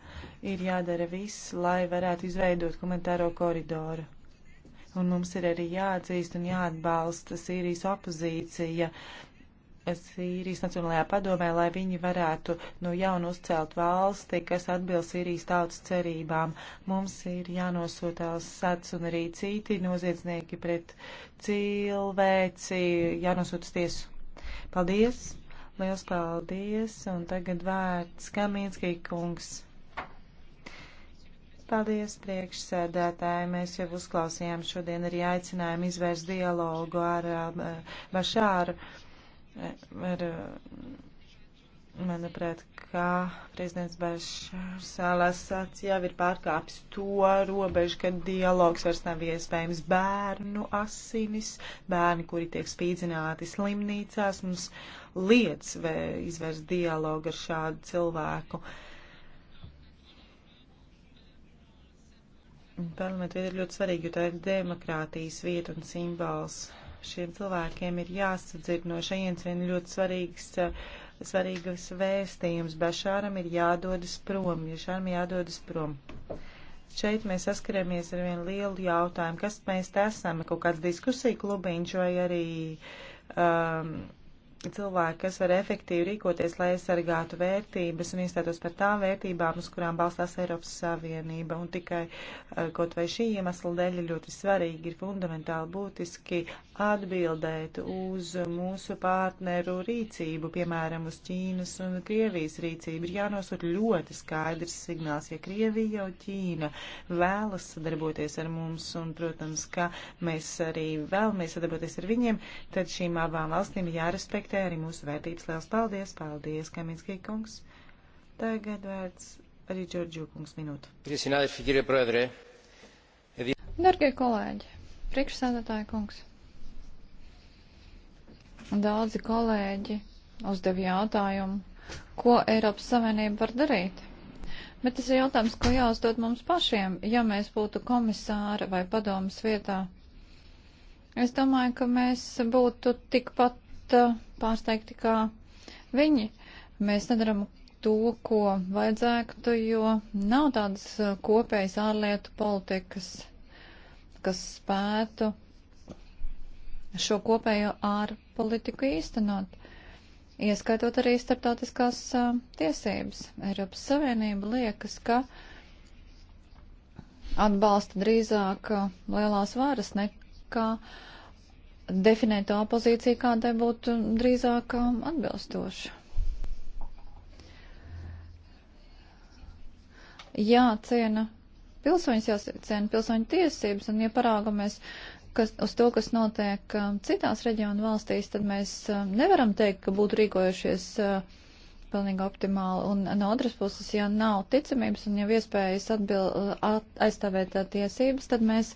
Ir jādara viss, lai varētu izveidot humanitāro koridoru. Un mums ir arī jāatzīst un jāatbalsta Sīrijas opozīcija, Sīrijas Nacionālajā padomē, lai viņi varētu no jauna uzcelt valsti, kas atbilst Sīrijas tautas cerībām. Mums ir jānosūtās sats un arī citi noziedznieki pret cilvēci, jānosūtas tiesu. Paldies! Liels paldies! Un tagad vērts Kaminskī kungs. Paldies, priekšsēdētāji. Mēs jau uzklausījām šodien arī aicinājumu izvērst dialogu ar uh, Bašāru. Uh, ar, manuprāt, kā prezidents Bašsālās sāc jau ir pārkāpis to robežu, kad dialogs vairs nav iespējams bērnu asinis, bērni, kuri tiek spīdzināti slimnīcās, mums liec izvērst dialogu ar šādu cilvēku. Parlamentu vieta ir ļoti svarīga, jo tā ir demokrātijas vieta un simbols. Šiem cilvēkiem ir jāsadzird no šajienes viena ļoti svarīgs, eh, svarīgas vēstījums. Bašāram ir jādodas prom, ja šāram jādodas prom. Šeit mēs saskaramies ar vienu lielu jautājumu, kas mēs esam, kaut kāds diskusija klubiņš vai arī um, cilvēki, kas var efektīvi rīkoties, lai aizsargātu vērtības un iestātos par tām vērtībām, uz kurām balstās Eiropas Savienība. Un tikai eh, kaut vai šī iemesla dēļ ir ļoti svarīgi, ir fundamentāli būtiski atbildēt uz mūsu partneru rīcību, piemēram, uz Ķīnas un Krievijas rīcību. Ir jānosūt ļoti skaidrs signāls, ja Krievija un Ķīna vēlas sadarboties ar mums un, protams, ka mēs arī vēlamies sadarboties ar viņiem, tad šīm abām valstīm jārespektē respektē arī mūsu vērtības. Liels paldies, paldies, Kaminskī kungs. Tagad vērts arī Džordžu kungs minūtu. Dargie kolēģi, priekšsēdētāja kungs. Daudzi kolēģi uzdev jautājumu, ko Eiropas Savienība var darīt. Bet tas ir jautājums, ko jāuzdod mums pašiem, ja mēs būtu komisāra vai padomas vietā. Es domāju, ka mēs būtu tikpat pat pārsteigti kā viņi. Mēs nedaram to, ko vajadzētu, jo nav tādas kopējas ārlietu politikas, kas spētu šo kopējo ārpolitiku īstenot, ieskaitot arī starptautiskās tiesības. Eiropas Savienība liekas, ka atbalsta drīzāk lielās varas nekā uh, definēt to pozīciju, kādai būtu drīzāk um, atbilstoša. Jāciena pilsoņus, jāciena pilsoņu tiesības, un ja parāgamies kas, uz to, kas notiek um, citās reģionu valstīs, tad mēs um, nevaram teikt, ka būtu rīkojušies uh, pilnīgi optimāli. Un no otras puses, ja nav ticamības un jau iespējas atbil, uh, at, aizstāvēt uh, tiesības, tad mēs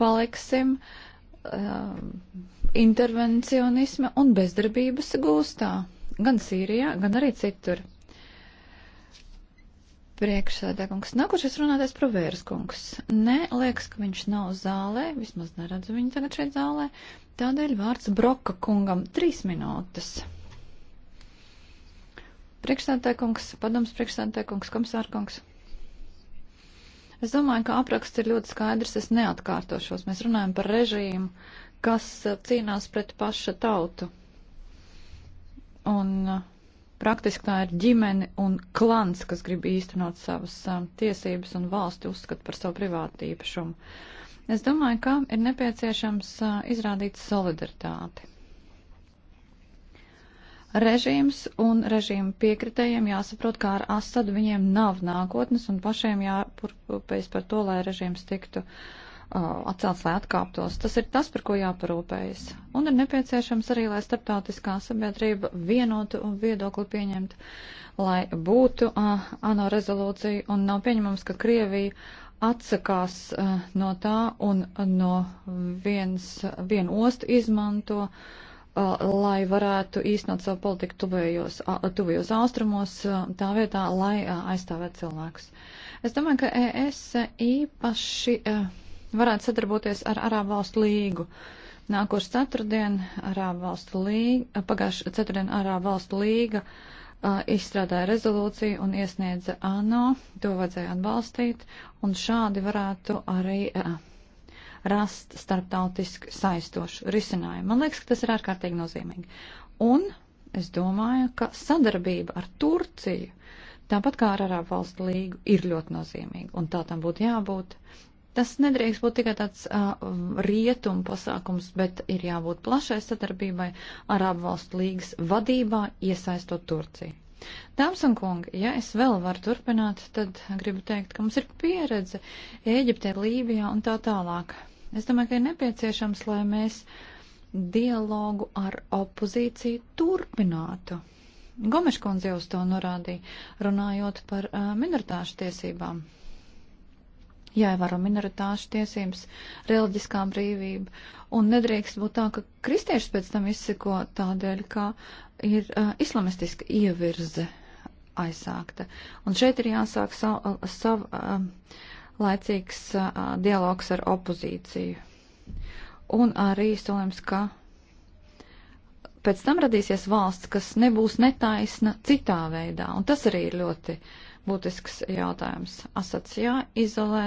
paliksim uh, Um, intervencionisma un bezdarbības gūstā, gan Sīrijā, gan arī citur. Priekšsēdētājs nākošais runātais provērs kungs. Nē, liekas, ka viņš nav zālē, vismaz neredzu viņu tagad šeit zālē. Tādēļ vārds Broka kungam trīs minūtes. Priekšsēdētājs kungs, padoms priekšsēdētājs kungs, komisār kungs. Es domāju, ka apraksts ir ļoti skaidrs, es neatkārtošos. Mēs runājam par režīmu, kas uh, cīnās pret paša tautu. Un uh, praktiski tā ir ģimene un klans, kas grib īstenot savas uh, tiesības un valsti uzskat par savu privātu īpašumu. Es domāju, ka ir nepieciešams izrādīt solidaritāti režīms un režīmu piekritējiem jāsaprot, kā ar Asadu viņiem nav nākotnes un pašiem jāpurpējas par to, lai režīms tiktu uh, atcelts, lai atkāptos. Tas ir tas, par ko jāparūpējas. Un ir nepieciešams arī, lai starptautiskā sabiedrība vienotu un viedokli pieņemtu, lai būtu uh, ANO rezolūcija un nav pieņemams, ka Krievija atsakās uh, no tā un uh, no viens, vienu ostu izmanto. Uh, lai varētu īstenot savu politiku tuvējos, tuvējos austrumos, tā vietā, lai aizstāvētu cilvēkus. Es domāju, ka ES īpaši varētu sadarboties ar Arābu valstu līgu. Nākošu ceturtdienu Arābu valstu līga, pagājušu ceturtdienu Arābu valstu līga izstrādāja rezolūciju un iesniedza ANO, to vajadzēja atbalstīt, un šādi varētu arī rast starptautiski saistošu risinājumu. Man liekas, ka tas ir ārkārtīgi nozīmīgi. Un es domāju, ka sadarbība ar Turciju, tāpat kā ar Arābu valstu līgu, ir ļoti nozīmīga, un tā tam būtu jābūt. Tas nedrīkst būt tikai tāds uh, rietumu pasākums, bet ir jābūt plašai sadarbībai Arābu valstu līgas vadībā, iesaistot Turciju. Dāmas un kungi, ja es vēl varu turpināt, tad gribu teikt, ka mums ir pieredze Ēģiptē, Lībijā un tā tālāk. Es domāju, ka ir nepieciešams, lai mēs dialogu ar opozīciju turpinātu. Gomeškundze jau uz to norādīja, runājot par uh, minoritāšu tiesībām. Jāievēro minoritāšu tiesības, reliģiskā brīvība, un nedrīkst būt tā, ka kristieši pēc tam izseko tādēļ, ka ir uh, islamistiska ievirze aizsākta. Un šeit ir jāsāk savu. Sav, uh, laicīgs dialogs ar opozīciju. Un arī solījums, ka pēc tam radīsies valsts, kas nebūs netaisna citā veidā. Un tas arī ir ļoti būtisks jautājums. Asats jāizolē,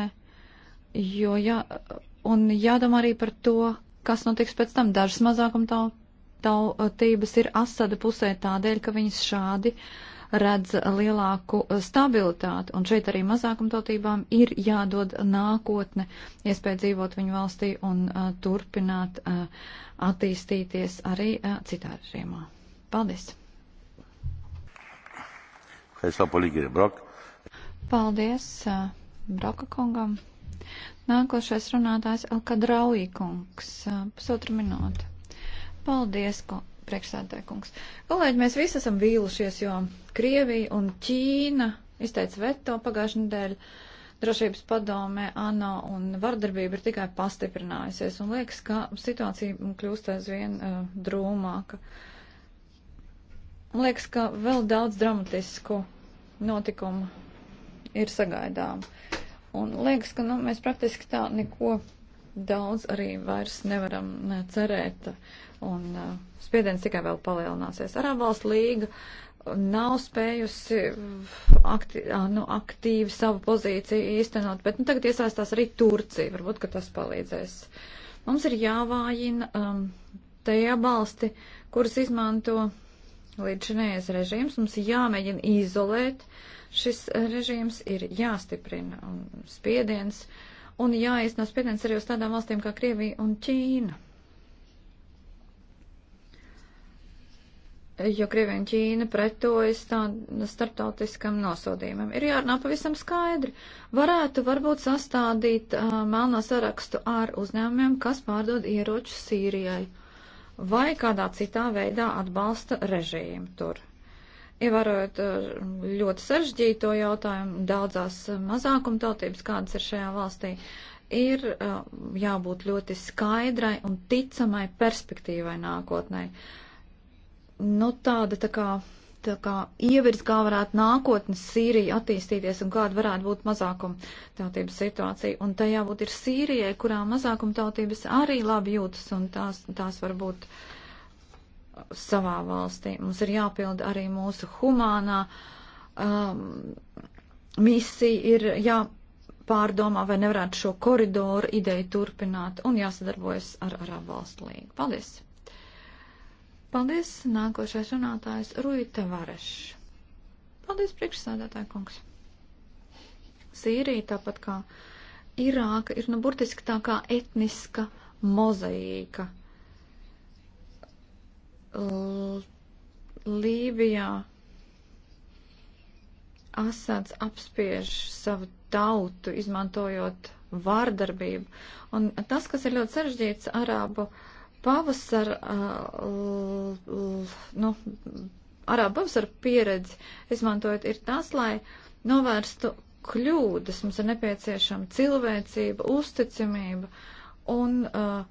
jo jā, un jādomā arī par to, kas notiks pēc tam. Dažas mazākuma tautības ir Asada pusē tādēļ, ka viņas šādi uh, redz lielāku eh, stabilitāti. Un šeit arī mazākumtautībām ir jādod nākotne, iespēja dzīvot viņu valstī un uh, turpināt uh, attīstīties arī uh, citā režīmā. Paldies! Paldies uh, Broka kungam! Nākošais runātājs Alkadraujīkungs. Uh, Pusotru minūti. Paldies, ko priekšsēdētāja kungs. Kolēģi, mēs visi esam vīlušies, jo Krievija un Ķīna izteica veto pagājušajā nedēļā. Drošības padomē ANO un vardarbība ir tikai pastiprinājusies un liekas, ka situācija kļūst aizvien uh, drūmāka. Liekas, ka vēl daudz dramatisku notikumu ir sagaidām. Un liekas, ka nu, mēs praktiski tā neko daudz arī vairs nevaram cerēt. Uh, un spiediens tikai vēl palielināsies. Arābu valstu līga nav spējusi akti, nu, aktīvi savu pozīciju īstenot, bet nu, tagad iesaistās arī Turcija. Varbūt, ka tas palīdzēs. Mums ir jāvājina um, tie balsti, kuras izmanto līdzinējais režīms. Mums jāmēģina izolēt. Šis režīms ir jāstiprina un spiediens. Un jāizno spiediens arī uz tādām valstīm kā Krievija un Ķīna. jo Krievija un Ķīna pretojas starptautiskam nosodījumam. Ir jārunā pavisam skaidri. Varētu varbūt sastādīt uh, melno sarakstu ar uzņēmumiem, kas pārdod ieroču Sīrijai vai kādā citā veidā atbalsta režīmu tur. Ievērojot uh, ļoti sarežģīto jautājumu, daudzās uh, mazākumtautības, kādas ir šajā valstī, ir uh, jābūt ļoti skaidrai un ticamai perspektīvai nākotnē. Uh, nu, tāda tā kā, tā kā ievirs, kā varētu nākotnes Sīrija attīstīties un kāda varētu būt mazākumtautības situācija. Un tajā būt ir Sīrijai, kurā mazākumtautības arī labi jūtas un tās, tās var būt savā valstī. Mums ir jāpilda arī mūsu humānā um, misija, ir jāpārdomā, vai nevarētu šo koridoru ideju turpināt un jāsadarbojas ar Arābu valstu līgu. Paldies! Paldies, nākošais runātājs Ruita Varešs. Paldies, priekšsādātāja kungs. Sīrija, tāpat kā Irāka, ir nu burtiski tā kā etniska mozaīka. L Lībijā Asāds apspiež savu tautu, izmantojot vārdarbību. Un tas, kas ir ļoti sarežģīts arābu uh, pavasara, nu, arābu pavasara pieredzi izmantojot ir tas, lai novērstu kļūdas. Mums ir nepieciešama cilvēcība, uzticamība un uh,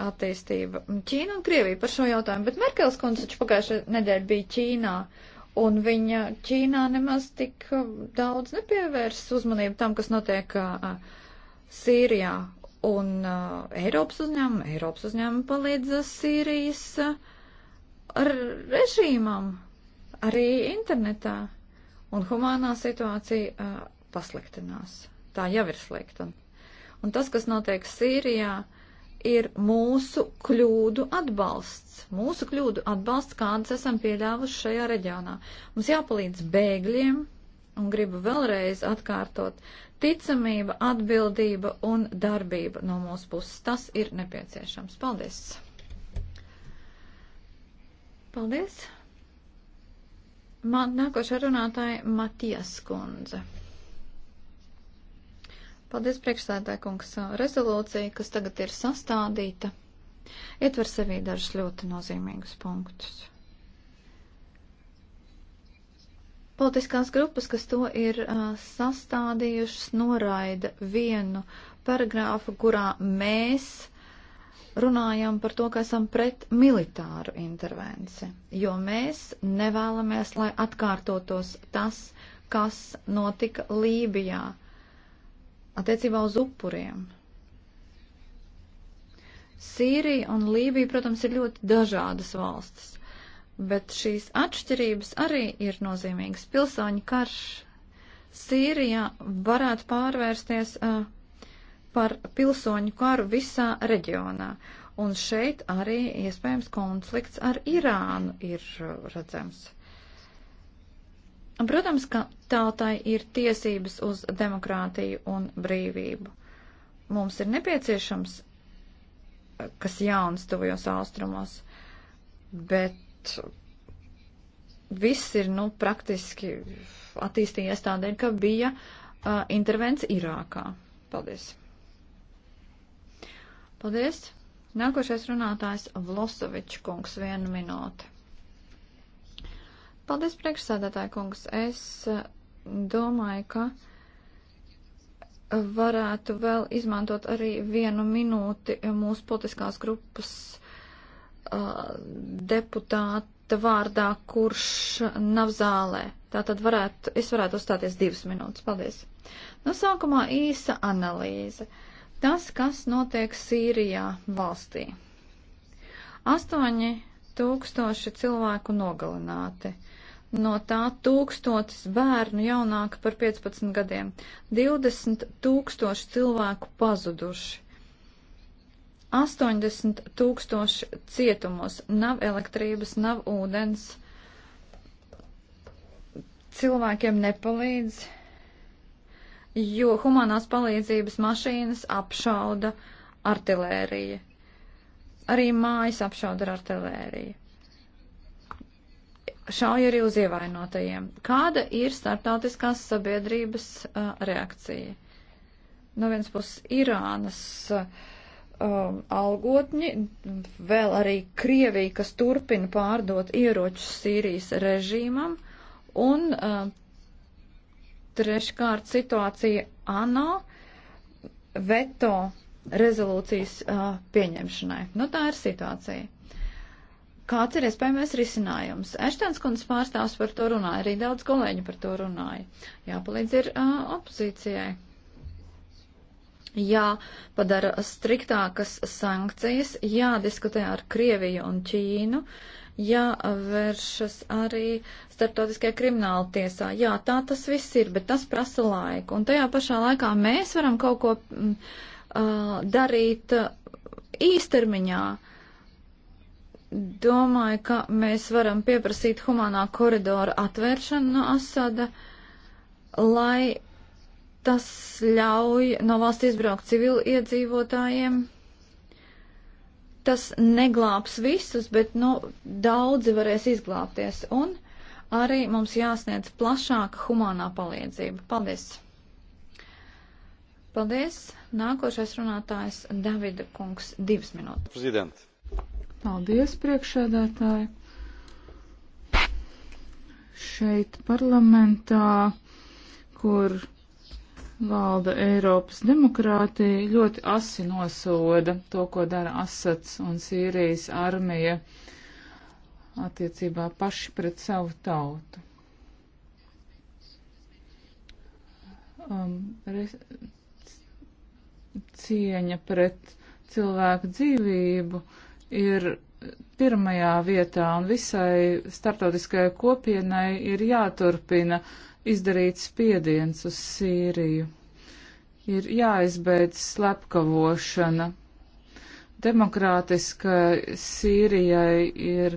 attīstība. Ķīna un Krievija par šo jautājumu, bet Merkels kundze taču pagājušajā nedēļā bija Ķīnā. Un viņa Ķīnā nemaz tik daudz nepievērs uzmanību tam, kas notiek uh, Sīrijā. Un uh, Eiropas uzņēmumi, Eiropas uzņēmumi palīdz uh, Sīrijas uh, ar režīmam, arī internetā. Un humānā situācija uh, pasliktinās. Tā jau ir slikta. Un tas, kas notiek Sīrijā, ir mūsu kļūdu atbalsts. Mūsu kļūdu atbalsts, kādas esam pieļāvuši šajā reģionā. Mums jāpalīdz bēgļiem, un gribu vēlreiz atkārtot, ticamība, atbildība un darbība no mūsu puses. Tas ir nepieciešams. Paldies! Paldies! Man nākošā runātāja Matijas kundze. Paldies, priekšsēdētāj kungs. Rezolūcija, kas tagad ir sastādīta, ietver sevī dažus ļoti nozīmīgus punktus. Politiskās grupas, kas to ir uh, sastādījušas, noraida vienu paragrāfu, kurā mēs runājam par to, ka esam pret militāru intervenci, jo mēs nevēlamies, lai atkārtotos tas, kas notika Lībijā attiecībā uz upuriem. Sīrija un Lībija, protams, ir ļoti dažādas valstis bet šīs atšķirības arī ir nozīmīgas. Pilsoņu karš Sīrijā varētu pārvērsties uh, par pilsoņu karu visā reģionā. Un šeit arī iespējams konflikts ar Irānu ir redzams. Protams, ka tautai ir tiesības uz demokrātiju un brīvību. Mums ir nepieciešams kas jauns tuvajos austrumos, bet viss ir nu, praktiski attīstījies tādēļ, ka bija uh, intervence Irākā. Paldies! Paldies! Nākošais runātājs Vlosovičs kungs, vienu minūti. Paldies, priekšsādātāji kungs. Es domāju, ka varētu vēl izmantot arī vienu minūti mūsu politiskās grupas deputāta vārdā, kurš nav zālē. Tātad varētu, es varētu uzstāties divas minūtes. Paldies. Nu, sākumā īsa analīze. Tas, kas notiek Sīrijā valstī. Astoņi tūkstoši cilvēku nogalināti. No tā tūkstotis bērnu jaunāka par 15 gadiem. 20 tūkstoši cilvēku pazuduši. 80 tūkstoši cietumos, nav elektrības, nav ūdens, cilvēkiem nepalīdz, jo humanās palīdzības mašīnas apšauda artilērija. Arī mājas apšauda ar artilēriju. Šauj arī uz ievainotajiem. Kāda ir startautiskās sabiedrības uh, reakcija? No vienas puses Irānas uh, um, algotņi, vēl arī Krievija, kas turpina pārdot ieročus Sīrijas režīmam, un um, treškārt situācija ANO veto rezolūcijas uh, pieņemšanai. Nu, tā ir situācija. Kāds ir iespējamais risinājums? Eštens kundze pārstāvs par to runāja, arī daudz kolēģi par to runāja. Jāpalīdz ir uh, opozīcijai jāpadara striktākas sankcijas, jādiskutē ar Krieviju un Ķīnu, jāvēršas arī starptautiskajā krimināla tiesā. Jā, tā tas viss ir, bet tas prasa laiku. Un tajā pašā laikā mēs varam kaut ko uh, darīt īstermiņā. Domāju, ka mēs varam pieprasīt humanā koridora atvēršanu no Asada, lai Tas ļauj no valsts izbraukt civilu iedzīvotājiem. Tas neglābs visus, bet nu, daudzi varēs izglābties. Un arī mums jāsniedz plašāka humanā palīdzība. Paldies! Paldies! Nākošais runātājs Davida kungs divas minūtes. Prezident. Paldies, priekšēdētāji! Šeit parlamentā, kur valda Eiropas demokrātija, ļoti asi nosoda to, ko dara Asats un Sīrijas armija attiecībā paši pret savu tautu. Um, re, cieņa pret cilvēku dzīvību ir pirmajā vietā un visai startautiskajai kopienai ir jāturpina uh, izdarīts spiediens uz Sīriju. Ir jāizbeidz slepkavošana. Demokrātiska Sīrijai ir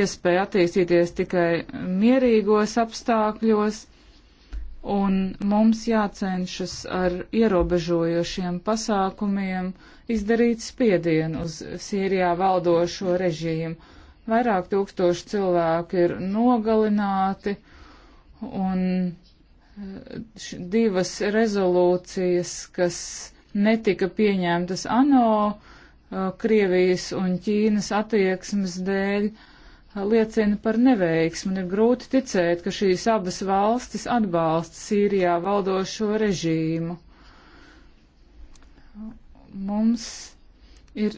iespēja attīstīties tikai mierīgos apstākļos, un mums jācenšas ar ierobežojošiem pasākumiem izdarīt spiedienu uz Sīrijā valdošo režīmu. Vairāk tūkstoši cilvēku ir nogalināti Un eh, divas rezolūcijas, kas netika pieņemtas ANO, eh, Krievijas un Ķīnas attieksmes dēļ, eh, liecina par neveiksmu. Ir grūti ticēt, ka šīs abas valstis atbalsta Sīrijā valdošo režīmu. Mums ir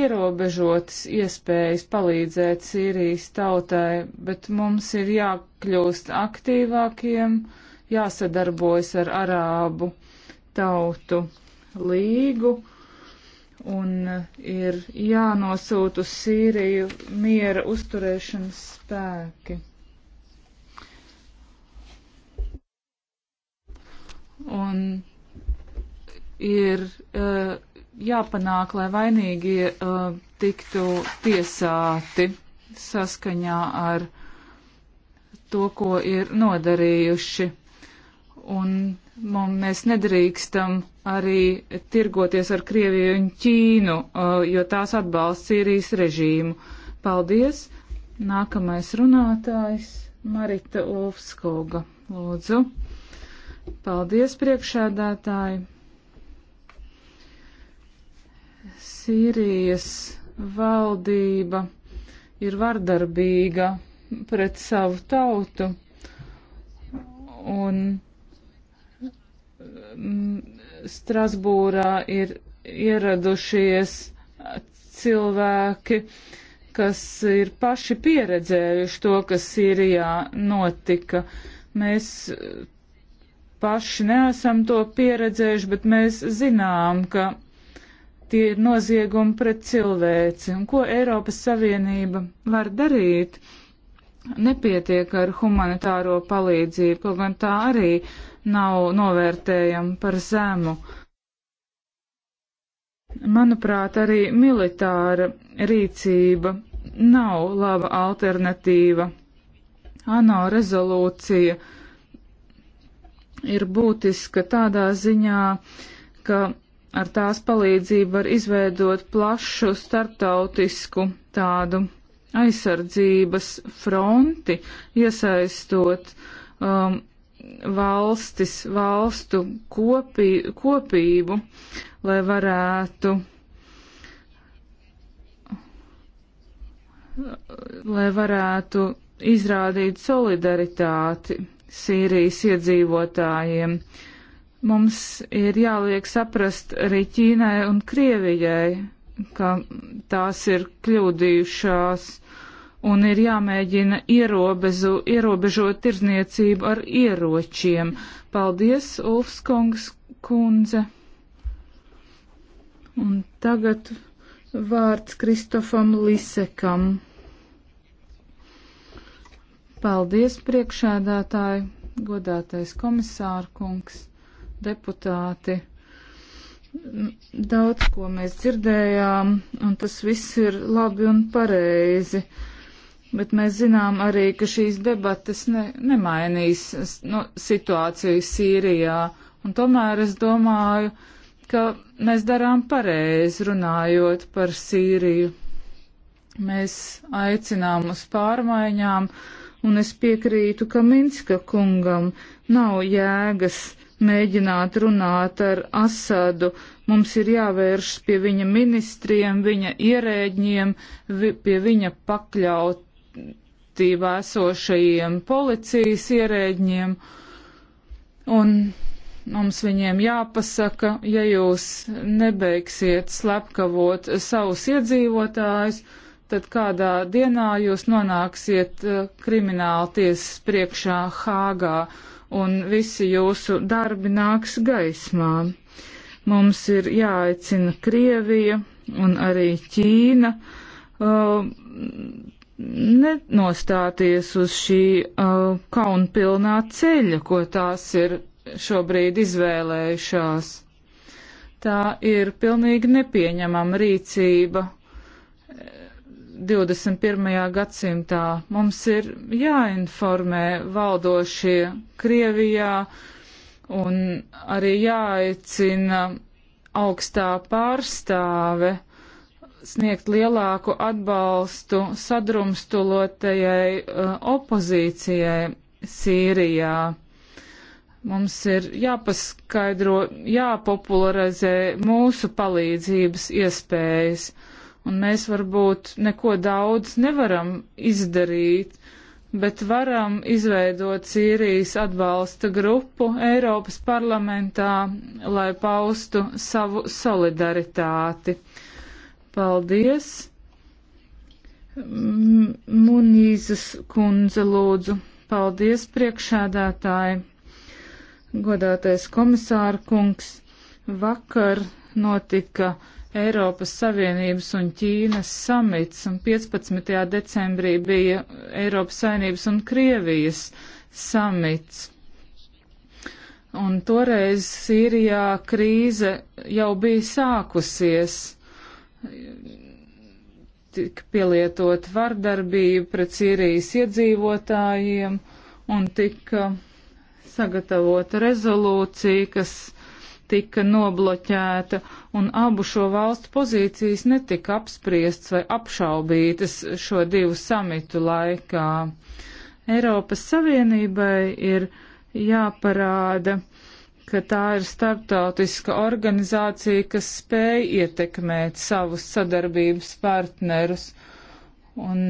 ierobežotas iespējas palīdzēt Sīrijas tautai, bet mums ir jākļūst aktīvākiem, jāsadarbojas ar arābu tautu līgu un ir jānosūt uz Sīriju miera uzturēšanas spēki. Un ir uh, jāpanāk, lai vainīgie uh, tiktu tiesāti saskaņā ar to, ko ir nodarījuši. Un mums, mēs nedrīkstam arī tirgoties ar Krieviju un Ķīnu, uh, jo tās atbalsts Sīrijas režīmu. Paldies! Nākamais runātājs Marita Ulfskoga. Lūdzu. Paldies, priekšēdētāji! Sīrijas valdība ir vardarbīga pret savu tautu un mm, Strasbūrā ir ieradušies cilvēki, kas ir paši pieredzējuši to, kas Sīrijā notika. Mēs paši neesam to pieredzējuši, bet mēs zinām, ka tie ir noziegumi pret cilvēci. Un ko Eiropas Savienība var darīt? Nepietiek ar humanitāro palīdzību, kaut gan tā arī nav novērtējama par zemu. Manuprāt, arī militāra rīcība nav laba alternatīva. ANO rezolūcija ir būtiska tādā ziņā, ka ar tās palīdzību var izveidot plašu startautisku tādu aizsardzības fronti, iesaistot um, valstis, valstu kopī, kopību, lai varētu, lai varētu izrādīt solidaritāti Sīrijas iedzīvotājiem. Uh, Mums ir jāliek saprast arī Ķīnai un Krievijai, ka tās ir kļūdījušās un ir jāmēģina ierobežu, ierobežot tirzniecību ar ieročiem. Paldies, Ulfskongs kundze. Un tagad vārds Kristofam Lisekam. Paldies, priekšēdātāji, godātais komisārkungs deputāti. Daudz ko mēs dzirdējām, un tas viss ir labi un pareizi. Bet mēs zinām arī, ka šīs debatas ne, nemainīs no, nu, situāciju Sīrijā. Un tomēr es domāju, ka mēs darām pareizi runājot par Sīriju. Mēs aicinām uz pārmaiņām, un es piekrītu, ka Minska kungam nav jēgas mēģināt runāt ar Asadu. Mums ir jāvērš pie viņa ministriem, viņa ierēģiem, vi, pie viņa pakļautībā esošajiem policijas ierēģiem. Un mums viņiem jāpasaka, ja jūs nebeigsiet slepkavot savus iedzīvotājus, tad kādā dienā jūs nonāksiet eh, krimināla tiesas priekšā Hāgā un visi jūsu darbi nāks gaismā. Mums ir jāaicina Krievija un arī Ķīna uh, nenostāties uz šī uh, kaunpilnā ceļa, ko tās ir šobrīd izvēlējušās. Tā ir pilnīgi nepieņemama rīcība 21. gadsimtā. Mums ir jāinformē valdošie Krievijā un arī jāaicina augstā pārstāve sniegt lielāku atbalstu sadrumstulotajai uh, opozīcijai Sīrijā. Mums ir jāpaskaidro, jāpopularizē mūsu palīdzības iespējas. Uh, un mēs varbūt neko daudz nevaram izdarīt, bet varam izveidot Sīrijas atbalsta grupu Eiropas parlamentā, lai paustu savu solidaritāti. Paldies! Munīzes kundze lūdzu. Paldies priekšādātāji, godātais komisāra kungs. Vakar notika Eiropas Savienības un Ķīnas samits, un 15. decembrī bija Eiropas Savienības un Krievijas samits. Un toreiz Sīrijā krīze jau bija sākusies. Tik pielietot vardarbību pret Sīrijas iedzīvotājiem un tika sagatavota rezolūcija, kas tika nobloķēta, un abu šo valstu pozīcijas netika apspriestas vai apšaubītas šo divu samitu laikā. Eiropas Savienībai ir jāparāda, ka tā ir starptautiska organizācija, kas spēj ietekmēt savus sadarbības partnerus. Un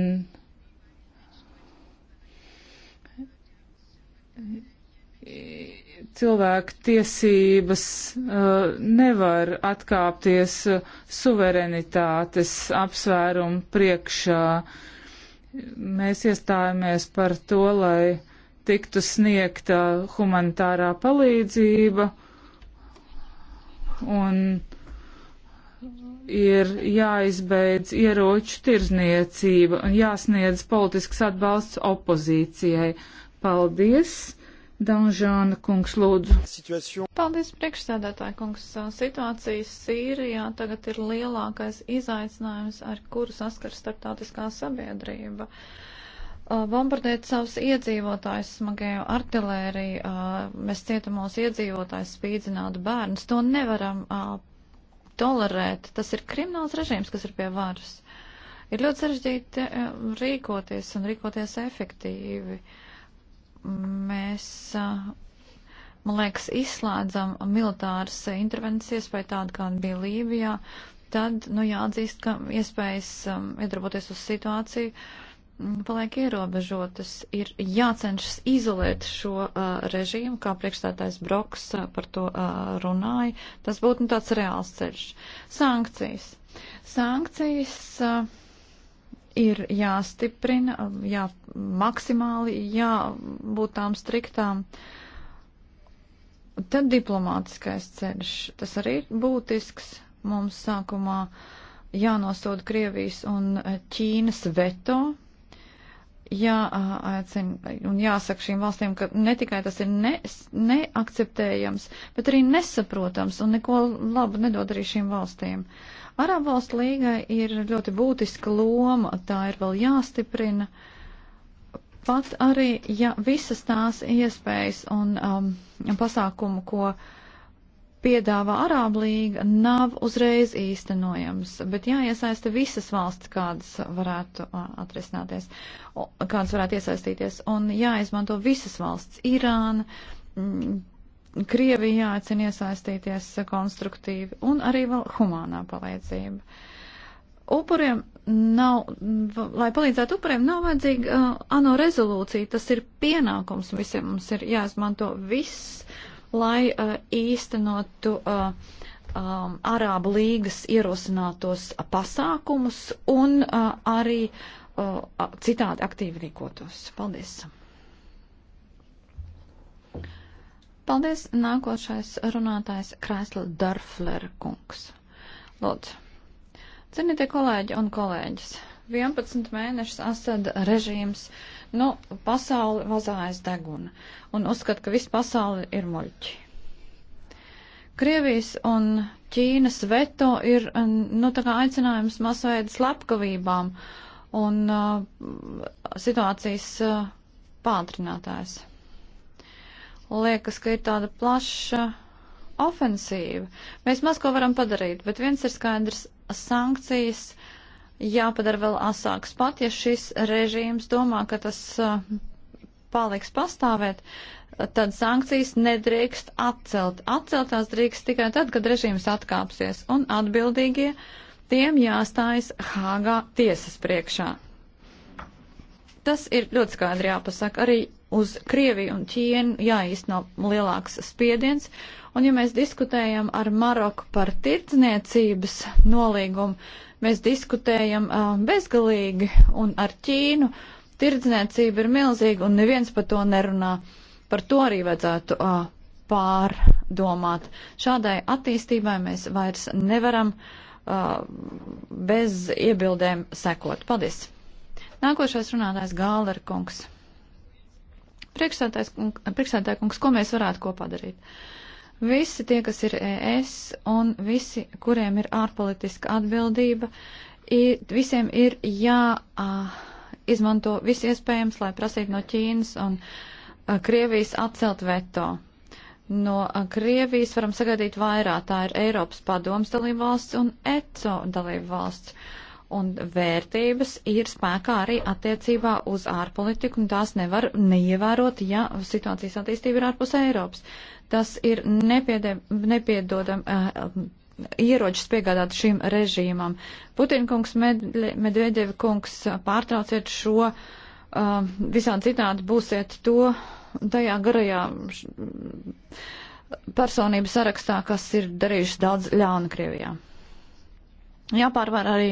I cilvēku tiesības uh, nevar atkāpties uh, suverenitātes apsvērumu priekšā. Mēs iestājāmies par to, lai tiktu sniegta humanitārā palīdzība un ir jāizbeidz ieroču tirzniecība un jāsniedz politisks atbalsts opozīcijai. Paldies! Danžāna kungs lūdzu. Situācija. Paldies priekšsēdētāji kungs. Situācija Sīrijā tagad ir lielākais izaicinājums, ar kuru saskars starptautiskā sabiedrība. Bombardēt savus iedzīvotājus smagēju artilēriju, mēs cietumos iedzīvotājus spīdzināt bērnus, to nevaram tolerēt. Tas ir krimināls režīms, kas ir pie varas. Ir ļoti sarežģīti rīkoties un rīkoties efektīvi. Uh, mēs, man liekas, izslēdzam militāras intervences iespēju tādu, kāda bija Lībijā, tad, nu, jāatzīst, ka iespējas iedarboties uz situāciju paliek ierobežotas. Ir jācenšas izolēt šo uh, režīmu, kā priekšstādājs Broks uh, par to uh, runāja. Tas būtu nu, tāds reāls ceļš. Sankcijas. Sankcijas. Uh, ir jāstiprina, jā, maksimāli jābūt tām striktām. Tad diplomātiskais ceļš, tas arī ir būtisks. Mums sākumā jānosoda Krievijas un Ķīnas veto jāaicina un jāsaka šīm valstīm, ka ne tikai tas ir ne, neakceptējams, bet arī nesaprotams un neko labu nedod arī šīm valstīm. Arābu valstu līgai ir ļoti būtiska loma, tā ir vēl jāstiprina, pat arī, ja visas tās iespējas un um, pasākumu, ko uh, piedāvā Arābu līga, nav uzreiz īstenojams, bet jāiesaista visas valsts, kādas varētu atrisināties, kādas varētu iesaistīties, un jāizmanto visas valsts - Irāna, mm, Krievija jāatcina iesaistīties konstruktīvi, un arī vēl humānā palīdzība. Upuriem nav, lai palīdzētu upuriem, nav vajadzīga uh, ANO rezolūcija, tas ir pienākums visiem, mums ir jāizmanto viss lai uh, īstenotu uh, um, Arābu līgas ierosinātos pasākumus un uh, arī uh, citādi aktīvi rīkotos. Paldies! Paldies! Nākošais runātājs Krēsla Darfler kungs. Lūdzu! Cienītie kolēģi un kolēģis! 11 mēnešus Asada režīms uh, Nu, pasauli vazājas deguna un uzskata, ka viss pasauli ir muļķi. Krievijas un Ķīnas veto ir, nu, tā kā aicinājums masveida slepkavībām un uh, situācijas uh, pātrinātājs. Liekas, ka ir tāda plaša ofensīva. Mēs maz ko varam padarīt, bet viens ir skaidrs - sankcijas jāpadara vēl asāks. Pat ja šis režīms domā, ka tas paliks pastāvēt, tad sankcijas nedrīkst atcelt. Atceltās drīkst tikai tad, kad režīms atkāpsies, un atbildīgie tiem jāstājas Hāgā tiesas priekšā. Tas ir ļoti skaidri jāpasaka. Arī uz Krieviju un Ķienu jāīsteno lielāks spiediens, un ja mēs diskutējam ar Maroku par tirdzniecības nolīgumu, Mēs diskutējam uh, bezgalīgi un ar Ķīnu. Tirdzniecība ir milzīga un neviens par to nerunā. Par to arī vajadzētu uh, pārdomāt. Šādai attīstībai mēs vairs nevaram uh, bez iebildēm sekot. Paldies! Nākošais runātājs Gālera kungs. Priekšsētāja kungs, ko mēs varētu kopā darīt? Uh, Visi tie, kas ir ES un visi, kuriem ir ārpolitiska atbildība, ir, visiem ir jāizmanto viss iespējams, lai prasītu no Ķīnas un a, Krievijas atcelt veto. No a, Krievijas varam sagaidīt vairāk. Tā ir Eiropas padomas dalība valsts un ECO dalība valsts. Un vērtības ir spēkā arī attiecībā uz ārpolitiku, un tās nevar neievērot, ja situācijas attīstība ir ārpus Eiropas. Tas ir nepiedodam uh, eh, eh, ieročus piegādāt šim režīmam. Putinkungs, Medvedeva kungs, pārtrauciet šo, uh, visādi citādi būsiet to tajā garajā personību sarakstā, kas ir darījuši daudz ļauna Krievijā. Jāpārvar arī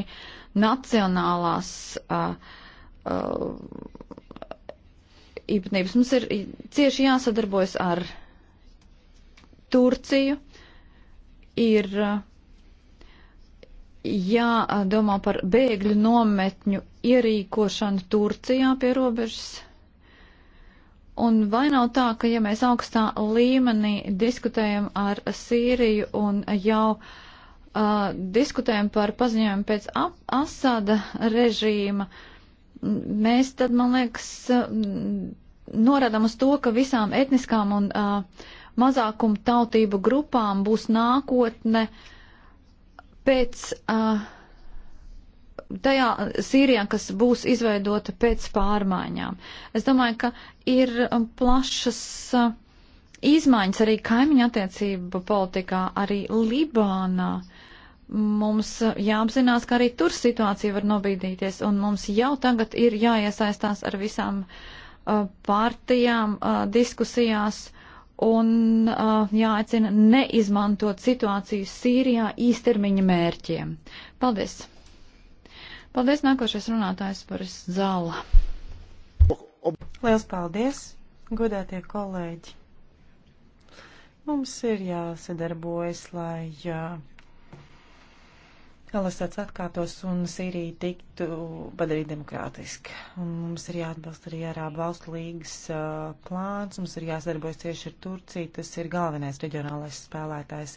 nacionālās uh, uh, īpatnības. Mums ir cieši jāsadarbojas ar Turciju, ir uh, jādomā par bēgļu nometņu ierīkošanu Turcijā pie robežas. Un vai nav tā, ka ja mēs augstā līmenī diskutējam ar Sīriju un jau uh, diskutējam par paziņojumu pēc Asada režīma, mēs tad, man liekas, uh, norādām uz to, ka visām etniskām un uh, mazākumu tautību grupām būs nākotne pēc uh, tajā Sīrijā, kas būs izveidota pēc pārmaiņām. Es domāju, ka ir um, plašas uh, izmaiņas arī kaimiņa attiecību politikā, arī Libānā. Mums uh, jāapzinās, ka arī tur situācija var nobīdīties, un mums jau tagad ir jāiesaistās ar visām uh, partijām uh, diskusijās un uh, jāaicina neizmantot situāciju Sīrijā īstermiņa mērķiem. Paldies! Paldies, nākošais runātājs Boris Zāla. Liels paldies, godētie kolēģi! Mums ir jāsadarbojas, lai. Uh, Alasads atkāptos un Sīrija tiktu padarīta demokrātiski. Un mums ir jāatbalsta arī Arābu valstu līgas uh, plāns, mums ir jāsadarbojas tieši ar Turciju, tas ir galvenais reģionālais spēlētājs.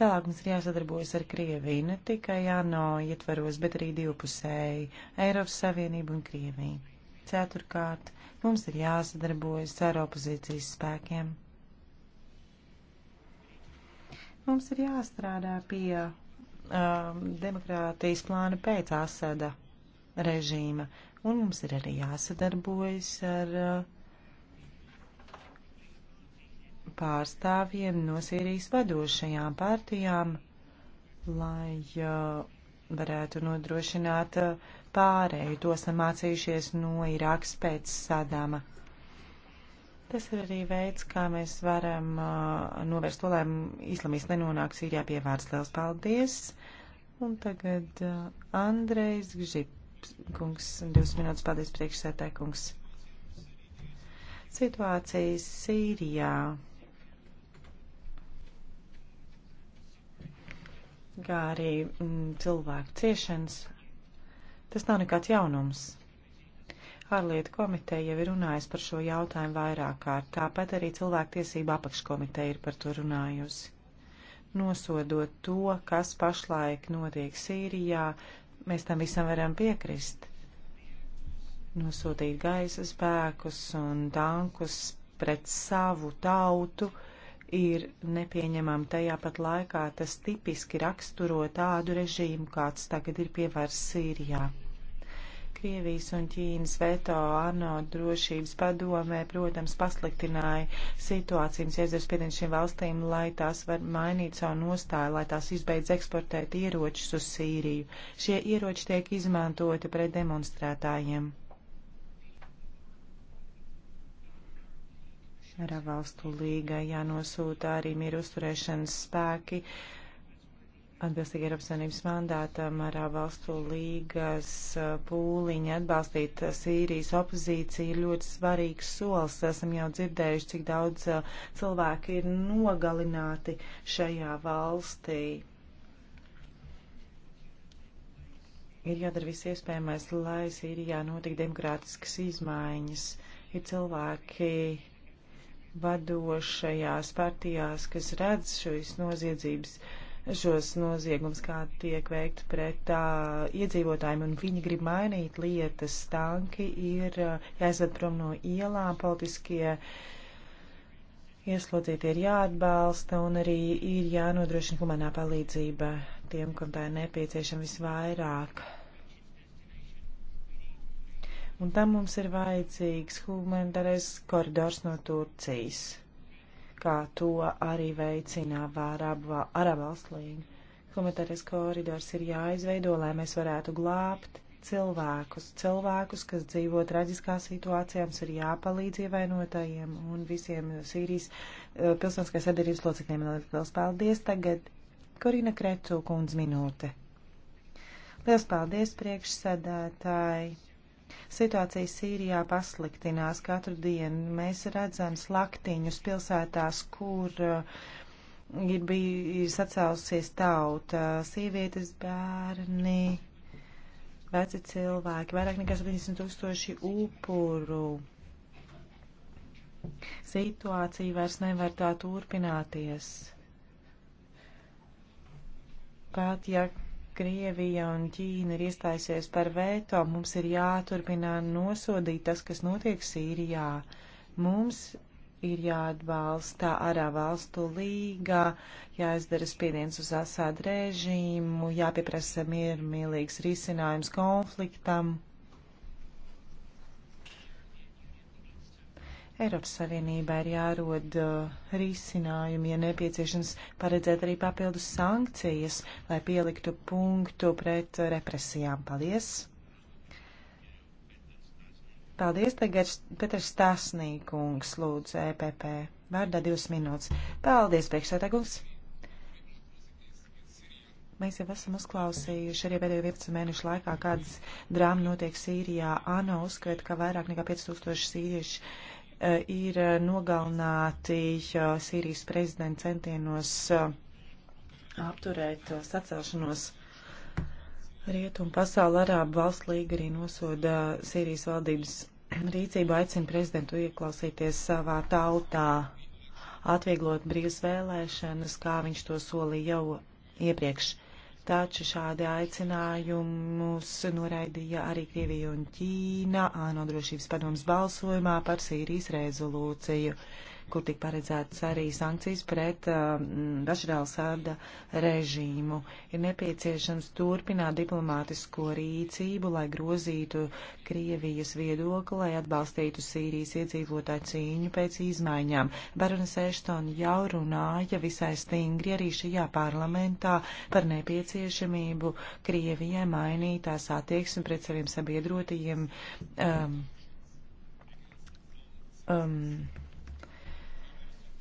Tālāk mums ir jāsadarbojas ar Krieviju, ne tikai ANO ietvaros, bet arī divpusēji Eiropas Savienību un Krieviju. Ceturkārt, mums ir jāsadarbojas ar opozīcijas spēkiem. Mums ir jāstrādā pie um, demokrātijas plāna pēc Asada režīma. Un mums ir arī jāsadarbojas ar uh, pārstāvjiem no Sīrijas vadošajām partijām, lai uh, varētu nodrošināt uh, pārēju. To esam mācījušies no Irākas pēc Sadama. Uh, Tas ir arī veids, kā mēs varam uh, novērst to, lai islamisti nenonāk Sīrijā pie vārds. Liels paldies! Un tagad uh, Andrejs Gžips, kungs, divas minūtes paldies priekšsētē, kungs. Situācija Sīrijā. Kā arī mm, cilvēku ciešanas. Tas nav nekāds jaunums. Ārlietu komiteja jau ir runājusi par šo jautājumu vairāk kārt, tāpat arī cilvēktiesība apakškomiteja ir par to runājusi. Nosodot to, kas pašlaik notiek Sīrijā, mēs tam visam varam piekrist. Nosūtīt gaisa spēkus un tankus pret savu tautu ir nepieņemama. Tajā pat laikā tas tipiski raksturo tādu režīmu, kāds tagad ir pievērs Sīrijā. Krievijas un Ķīnas veto ANO drošības padomē, protams, pasliktināja situāciju, iedzer spiedienu šīm valstīm, lai tās var mainīt savu nostāju, lai tās izbeidz eksportēt ieročus uz Sīriju. Šie ieroči tiek izmantoti pret demonstrētājiem. Arā valstu līgai jānosūta arī mieru uzturēšanas spēki. Uh, atbilstīgi Eiropas Savienības mandātam ar valstu līgas pūliņu atbalstīt Sīrijas opozīciju ir ļoti svarīgs solis. Esam jau dzirdējuši, cik daudz cilvēku ir nogalināti šajā valstī. Ir jādara viss iespējamais, lai Sīrijā notika demokrātiskas izmaiņas. Ir cilvēki vadošajās partijās, kas redz šīs noziedzības. Uh, šos noziegums, kā tiek veikt pret uh, iedzīvotājiem, un viņi grib mainīt lietas. Tanki ir uh, jāizved prom no ielām, politiskie ieslodzīti ir jāatbalsta, un arī ir jānodrošina humanā palīdzība tiem, kam tā ir nepieciešama visvairāk. Un tam mums ir vajadzīgs humanitārais koridors no Turcijas kā to arī veicina Vārābu Arabalstu līga. Humanitārais koridors ir jāizveido, lai mēs varētu glābt cilvēkus. Cilvēkus, kas dzīvo traģiskā situācijā, mums ir jāpalīdz ievainotajiem un visiem Sīrijas eh, pilsoniskās sadarības locekļiem. Liels paldies! Tagad Korina Krecu kundz minūte. Liels paldies, priekšsēdētāji! Situācija Sīrijā pasliktinās katru dienu. Mēs redzam slaktiņus pilsētās, kur uh, ir bijis sacēlusies tauta, sievietes, bērni, veci cilvēki, vairāk nekā 70 tūkstoši upuru. Situācija vairs nevar tā turpināties. Pat ja Krievija un Ķīna ir iestājusies par veto, mums ir jāturpina nosodīt tas, kas notiek Sīrijā. Mums ir jāatbalsta arā valstu līgā, jāizdara spiediens uz Asādu režīmu, jāpieprasa miermīlīgs risinājums konfliktam. Eiropas Savienībā ir jārod uh, risinājumi, ja nepieciešams paredzēt arī papildus sankcijas, lai pieliktu punktu pret represijām. Paldies! Paldies, tagad Petrs Stāsnīkungs lūdzu EPP. Vārdā divas minūtes. Paldies, priekšsētākungs! Mēs jau esam uzklausījuši arī pēdējo 15 mēnešu laikā, kādas drāmas notiek Sīrijā. ANO uzskata, ka vairāk nekā 5000 sīrieši Eh, ir eh, nogalināti Sīrijas prezidenta centienos eh, apturēt sacelšanos. Rietumu pasauli Arābu valsts līga arī nosoda Sīrijas valdības rīcību, aicina prezidentu ieklausīties savā tautā, atvieglot brīvas vēlēšanas, kā viņš to solīja jau iepriekš. Uh, Taču šādi aicinājumus noraidīja arī Krievija un Ķīna ANO drošības padomas balsojumā par Sīrijas rezolūciju. Uh, kur tika paredzētas arī sankcijas pret uh, mm, Bašrāla sāda režīmu. Ir nepieciešams turpināt diplomātisko rīcību, lai grozītu Krievijas viedokli, lai atbalstītu Sīrijas iedzīvotāju cīņu pēc izmaiņām. Baronas Eštona jau runāja visai stingri arī šajā parlamentā par nepieciešamību Krievijai mainīt tās attieksmi pret saviem sabiedrotajiem. Um, um,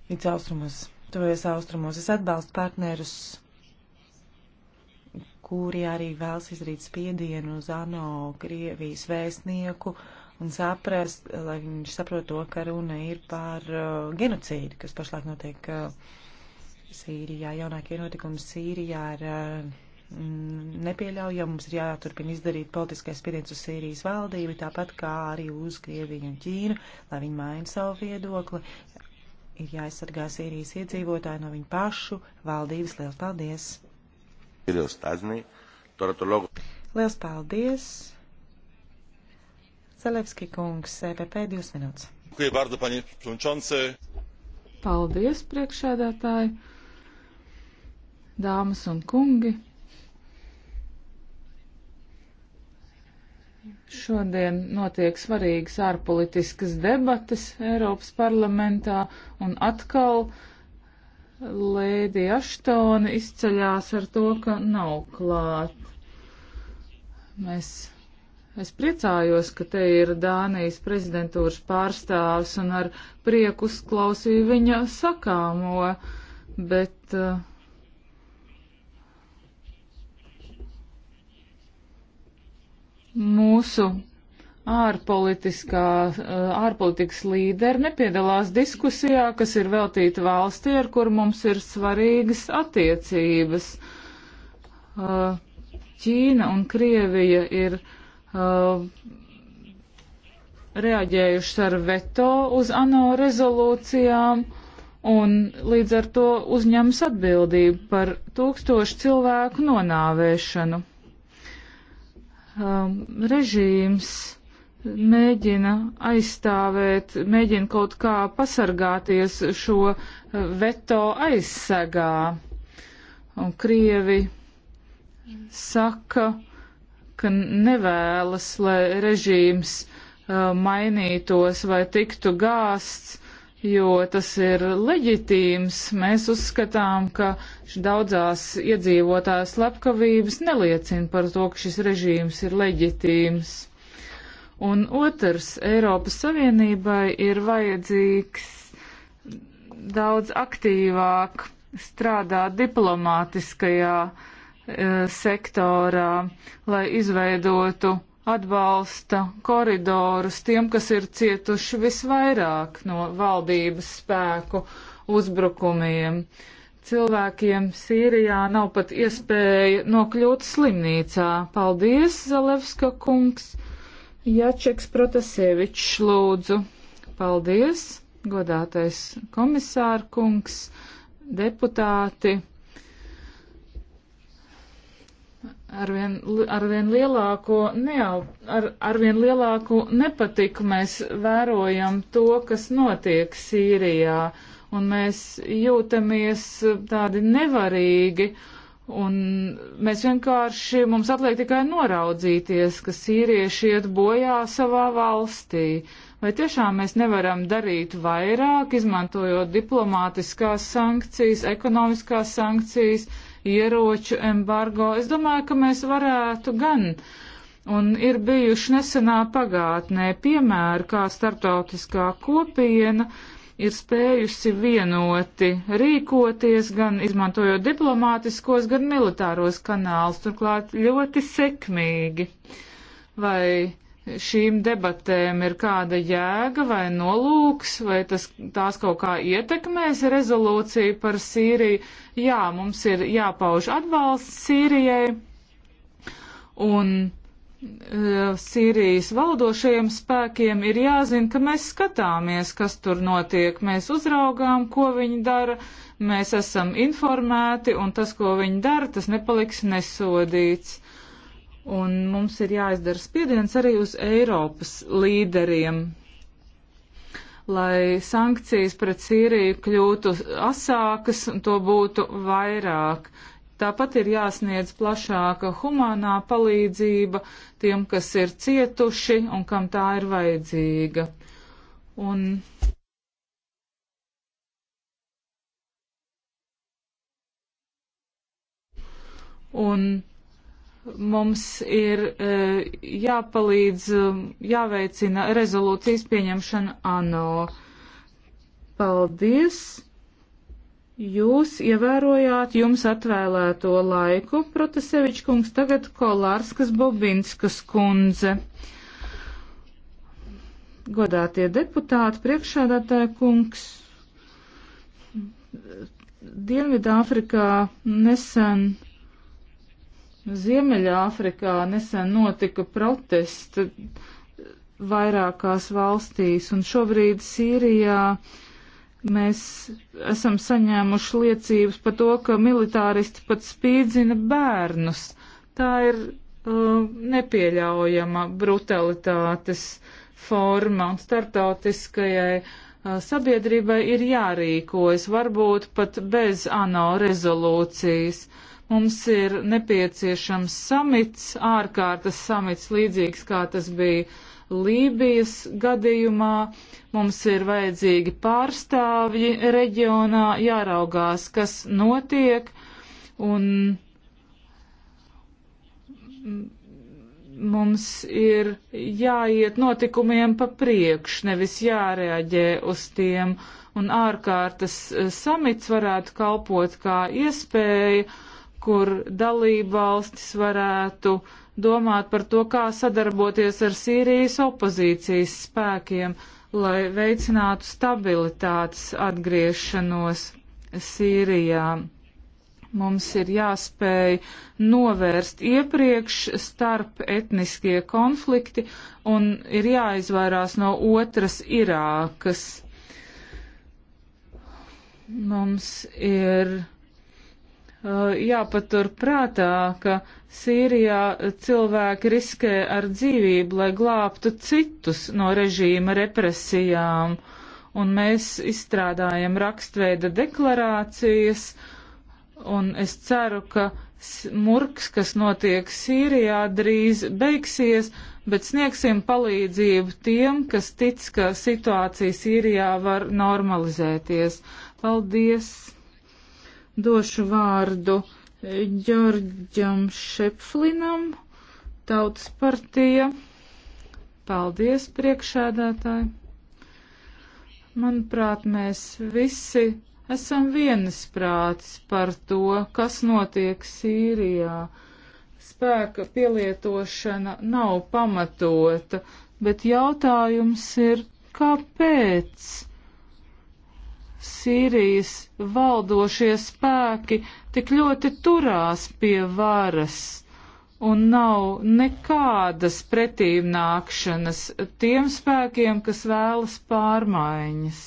līdz austrumos, tuvojas austrumos. Es atbalstu partnerus, kuri arī vēlas izrīt spiedienu uz ANO Krievijas vēstnieku un saprast, lai viņš saprot to, ka runa ir par uh, genocīdu, kas pašlaik notiek uh, Sīrijā. Jaunākie notikumi Sīrijā ir uh, nepieļaujami. Mums ir jāturpina izdarīt politiskais spiediens uz Sīrijas valdību, tāpat kā arī uz Krieviju un Ķīnu, lai viņi maina savu viedokli ir jāaizsargā Sīrijas iedzīvotāji no viņu pašu valdības. Liels paldies! Liels paldies! Zalevski kungs, EPP 2 minūtes. Paldies, priekšēdētāji, dāmas un kungi! Šodien notiek svarīgas ārpolitiskas debates Eiropas parlamentā, un atkal Lēdi Aštone izceļās ar to, ka nav klāt. Mēs, es priecājos, ka te ir Dānijas prezidentūras pārstāvs un ar prieku uzklausīju viņa sakāmo, bet uh, mūsu eh, ārpolitikas līderi nepiedalās diskusijā, kas ir veltīta valstī, ar kur mums ir svarīgas attiecības. Eh, Ķīna un Krievija ir eh, reaģējušas ar veto uz ANO rezolūcijām un līdz ar to uzņems atbildību par tūkstošu cilvēku nonāvēšanu um, režīms mēģina aizstāvēt, mēģina kaut kā pasargāties šo uh, veto aizsegā. Un Krievi saka, ka nevēlas, lai režīms uh, mainītos vai tiktu gāsts, jo tas ir leģitīms. Mēs uzskatām, ka daudzās iedzīvotās slepkavības neliecina par to, ka šis režīms ir leģitīms. Un otrs, Eiropas Savienībai ir vajadzīgs daudz aktīvāk strādāt diplomātiskajā e, sektorā, lai izveidotu atbalsta koridorus tiem, kas ir cietuši visvairāk no valdības spēku uzbrukumiem. Cilvēkiem Sīrijā nav pat iespēja nokļūt slimnīcā. Paldies, Zalevska kungs! Jačeks Protasevičs lūdzu. Paldies, godātais komisārkungs, deputāti! arvien, arvien lielāko, neau, ar, arvien lielāku nepatiku mēs vērojam to, kas notiek Sīrijā, un mēs jūtamies tādi nevarīgi, un mēs vienkārši, mums atliek tikai noraudzīties, ka sīrieši iet bojā savā valstī. Vai tiešām mēs nevaram darīt vairāk, izmantojot diplomātiskās sankcijas, ekonomiskās sankcijas, ieroču embargo. Es domāju, ka mēs varētu gan. Un ir bijuši nesenā pagātnē piemēri, kā starptautiskā kopiena ir spējusi vienoti rīkoties, gan izmantojot diplomātiskos, gan militāros kanālus, turklāt ļoti sekmīgi. Vai šīm debatēm ir kāda jēga vai nolūks, vai tas, tās kaut kā ietekmēs rezolūciju par Sīriju. Jā, mums ir jāpauž atbalsts Sīrijai un uh, Sīrijas valdošajiem spēkiem ir jāzina, ka mēs skatāmies, kas tur notiek, mēs uzraugām, ko viņi dara, mēs esam informēti un tas, ko viņi dara, tas nepaliks nesodīts Un mums ir jāizdara spiediens arī uz Eiropas līderiem, lai sankcijas pret Sīriju kļūtu asākas un to būtu vairāk. Tāpat ir jāsniedz plašāka humanā palīdzība tiem, kas ir cietuši un kam tā ir vajadzīga. Un Un mums ir eh, jāpalīdz, um, jāveicina rezolūcijas pieņemšana ANO. Paldies! Jūs ievērojāt jums atvēlēto laiku, Protasevičs kungs, tagad Kolārskas Bobinskas kundze. Godātie deputāti, priekšādātāja kungs, Dienvidāfrikā nesen Ziemeļāfrikā nesen notika protesti vairākās valstīs, un šobrīd Sīrijā mēs esam saņēmuši liecības par to, ka militāristi pat spīdzina bērnus. Tā ir uh, nepieļaujama brutalitātes forma, un startautiskajai uh, sabiedrībai ir jārīkojas, varbūt pat bez ANO rezolūcijas. Uh, Mums ir nepieciešams samits, ārkārtas samits, līdzīgs kā tas bija Lībijas gadījumā. Mums ir vajadzīgi pārstāvji reģionā, jāraugās, kas notiek. Un mums ir jāiet notikumiem pa priekš, nevis jārēģē uz tiem. Un ārkārtas samits varētu kalpot kā iespēja kur dalībvalstis varētu domāt par to, kā sadarboties ar Sīrijas opozīcijas spēkiem, lai veicinātu stabilitātes atgriešanos Sīrijā. Mums ir jāspēj novērst iepriekš starp etniskie konflikti un ir jāizvairās no otras Irākas. Mums ir Eh, jāpatur prātā, ka Sīrijā cilvēki riskē ar dzīvību, lai glābtu citus no režīma represijām, un mēs izstrādājam rakstveida deklarācijas, un es ceru, ka murks, kas notiek Sīrijā, drīz beigsies, bet sniegsim palīdzību tiem, kas tic, ka situācija Sīrijā var normalizēties. Paldies! došu vārdu Ģorģam Šepflinam, Tautas partija. Paldies, priekšēdētāji. Manuprāt, mēs visi esam vienisprātis par to, kas notiek Sīrijā. Spēka pielietošana nav pamatota, bet jautājums ir, kāpēc? Sīrijas valdošie spēki tik ļoti turās pie varas un nav nekādas pretīmnākšanas tiem spēkiem, kas vēlas pārmaiņas.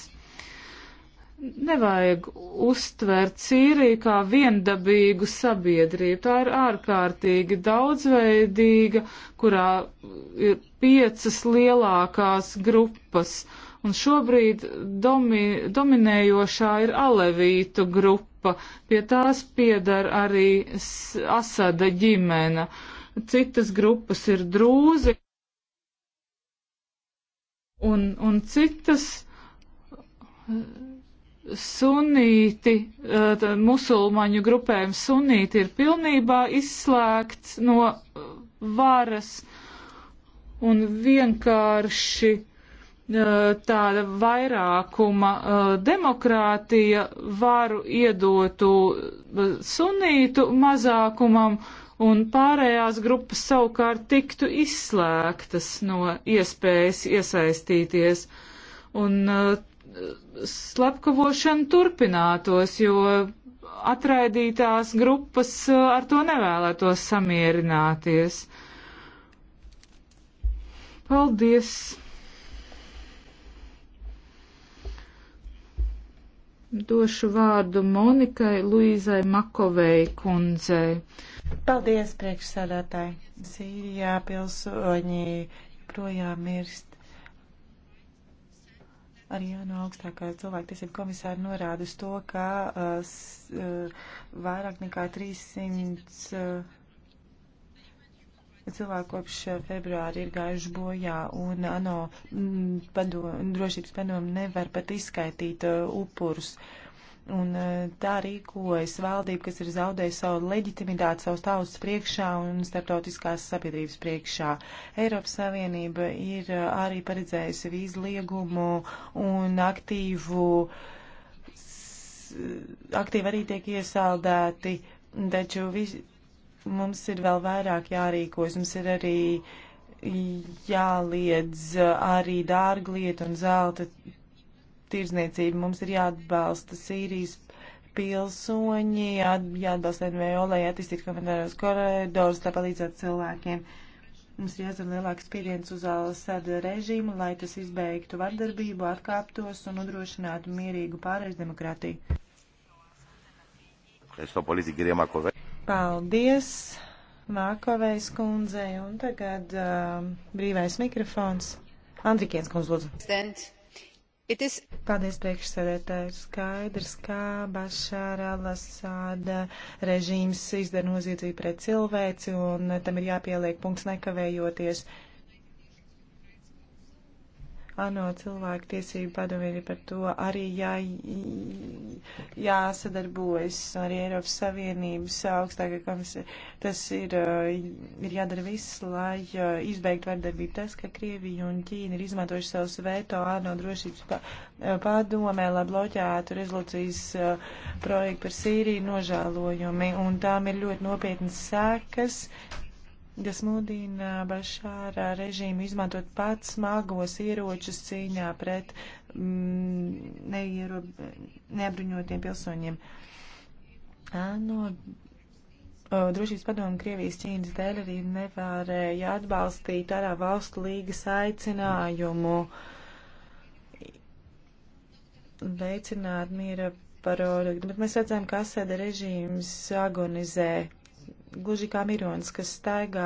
Nevajag uztvert Sīriju kā viendabīgu sabiedrību. Tā ir ārkārtīgi daudzveidīga, kurā ir piecas lielākās grupas. Uh, un šobrīd domi, dominējošā ir alevītu grupa, pie tās piedar arī Asada ģimene. Citas grupas ir drūzi un, un citas eh, sunīti, eh, musulmaņu grupējums sunīti ir pilnībā izslēgts no eh, varas un vienkārši tāda vairākuma demokrātija varu iedotu sunītu mazākumam un pārējās grupas savukārt tiktu izslēgtas no iespējas iesaistīties. Un slepkavošana turpinātos, jo atraidītās grupas ar to nevēlētos samierināties. Paldies! Došu vārdu Monikai Luīzai Makovei kundzei. Paldies, priekšsādātāji. Sīrijā pilsoņi joprojām mirst. Arī no augstākā cilvēktiesība komisāra norāda uz to, ka uh, uh vairāk nekā 300. Uh, ja cilvēki kopš eh, februāra ir gājuši bojā un eh, ANO mm, pado, drošības padomu nevar pat izskaitīt uh, upurus. Un uh, tā rīkojas valdība, kas ir zaudējusi savu leģitimitāti savus tautas priekšā un starptautiskās sabiedrības priekšā. Eiropas Savienība ir uh, arī paredzējusi vīzu liegumu un aktīvu, s, aktīvi arī tiek iesaldēti, taču visi mums ir vēl vairāk jārīkojas. Mums ir arī jāliedz arī dārglietu un zelta tirdzniecību. Mums ir jāatbalsta Sīrijas pilsoņi, jā, jāatbalsta NVO, lai attīstītu komentāros koridors, lai palīdzētu cilvēkiem. Mums ir jāzina lielāks spiediens uz Al-Sada režīmu, lai tas izbeigtu vardarbību, atkāptos un nodrošinātu mierīgu pārējais demokrātiju. Paldies Mākovejas kundzei un tagad uh, brīvais mikrofons. Andrikiens kundz lūdzu. Is... Paldies priekšsēdētāji. Skaidrs, kā Bašāra Lasāda režīms izdara noziedzību pret cilvēci un tam ir jāpieliek punkts nekavējoties. ANO cilvēku tiesību padomi ir par to arī jā, jāsadarbojas arī Eiropas Savienības augstākā komisija. Tas ir, uh, ir jādara viss, lai uh, izbeigtu vardarbību. Tas, ka Krievija un Ķīna ir izmantojuši savus veto ārno drošības uh, padomē, lai bloķētu rezolūcijas projektu par Sīriju, nožēlojumi. Un tām ir ļoti nopietnas sekas kas mudina Bašāra režīmu izmantot pats smagos ieročus cīņā pret Mm, neapbruņotiem pilsoņiem. No Drošības padomu Krievijas Ķīnas dēļ arī nevarēja atbalstīt arā valstu līgas aicinājumu veicināt miera paroli, bet mēs redzam, ka asēda režīms agonizē gluži kā mirons, kas staigā,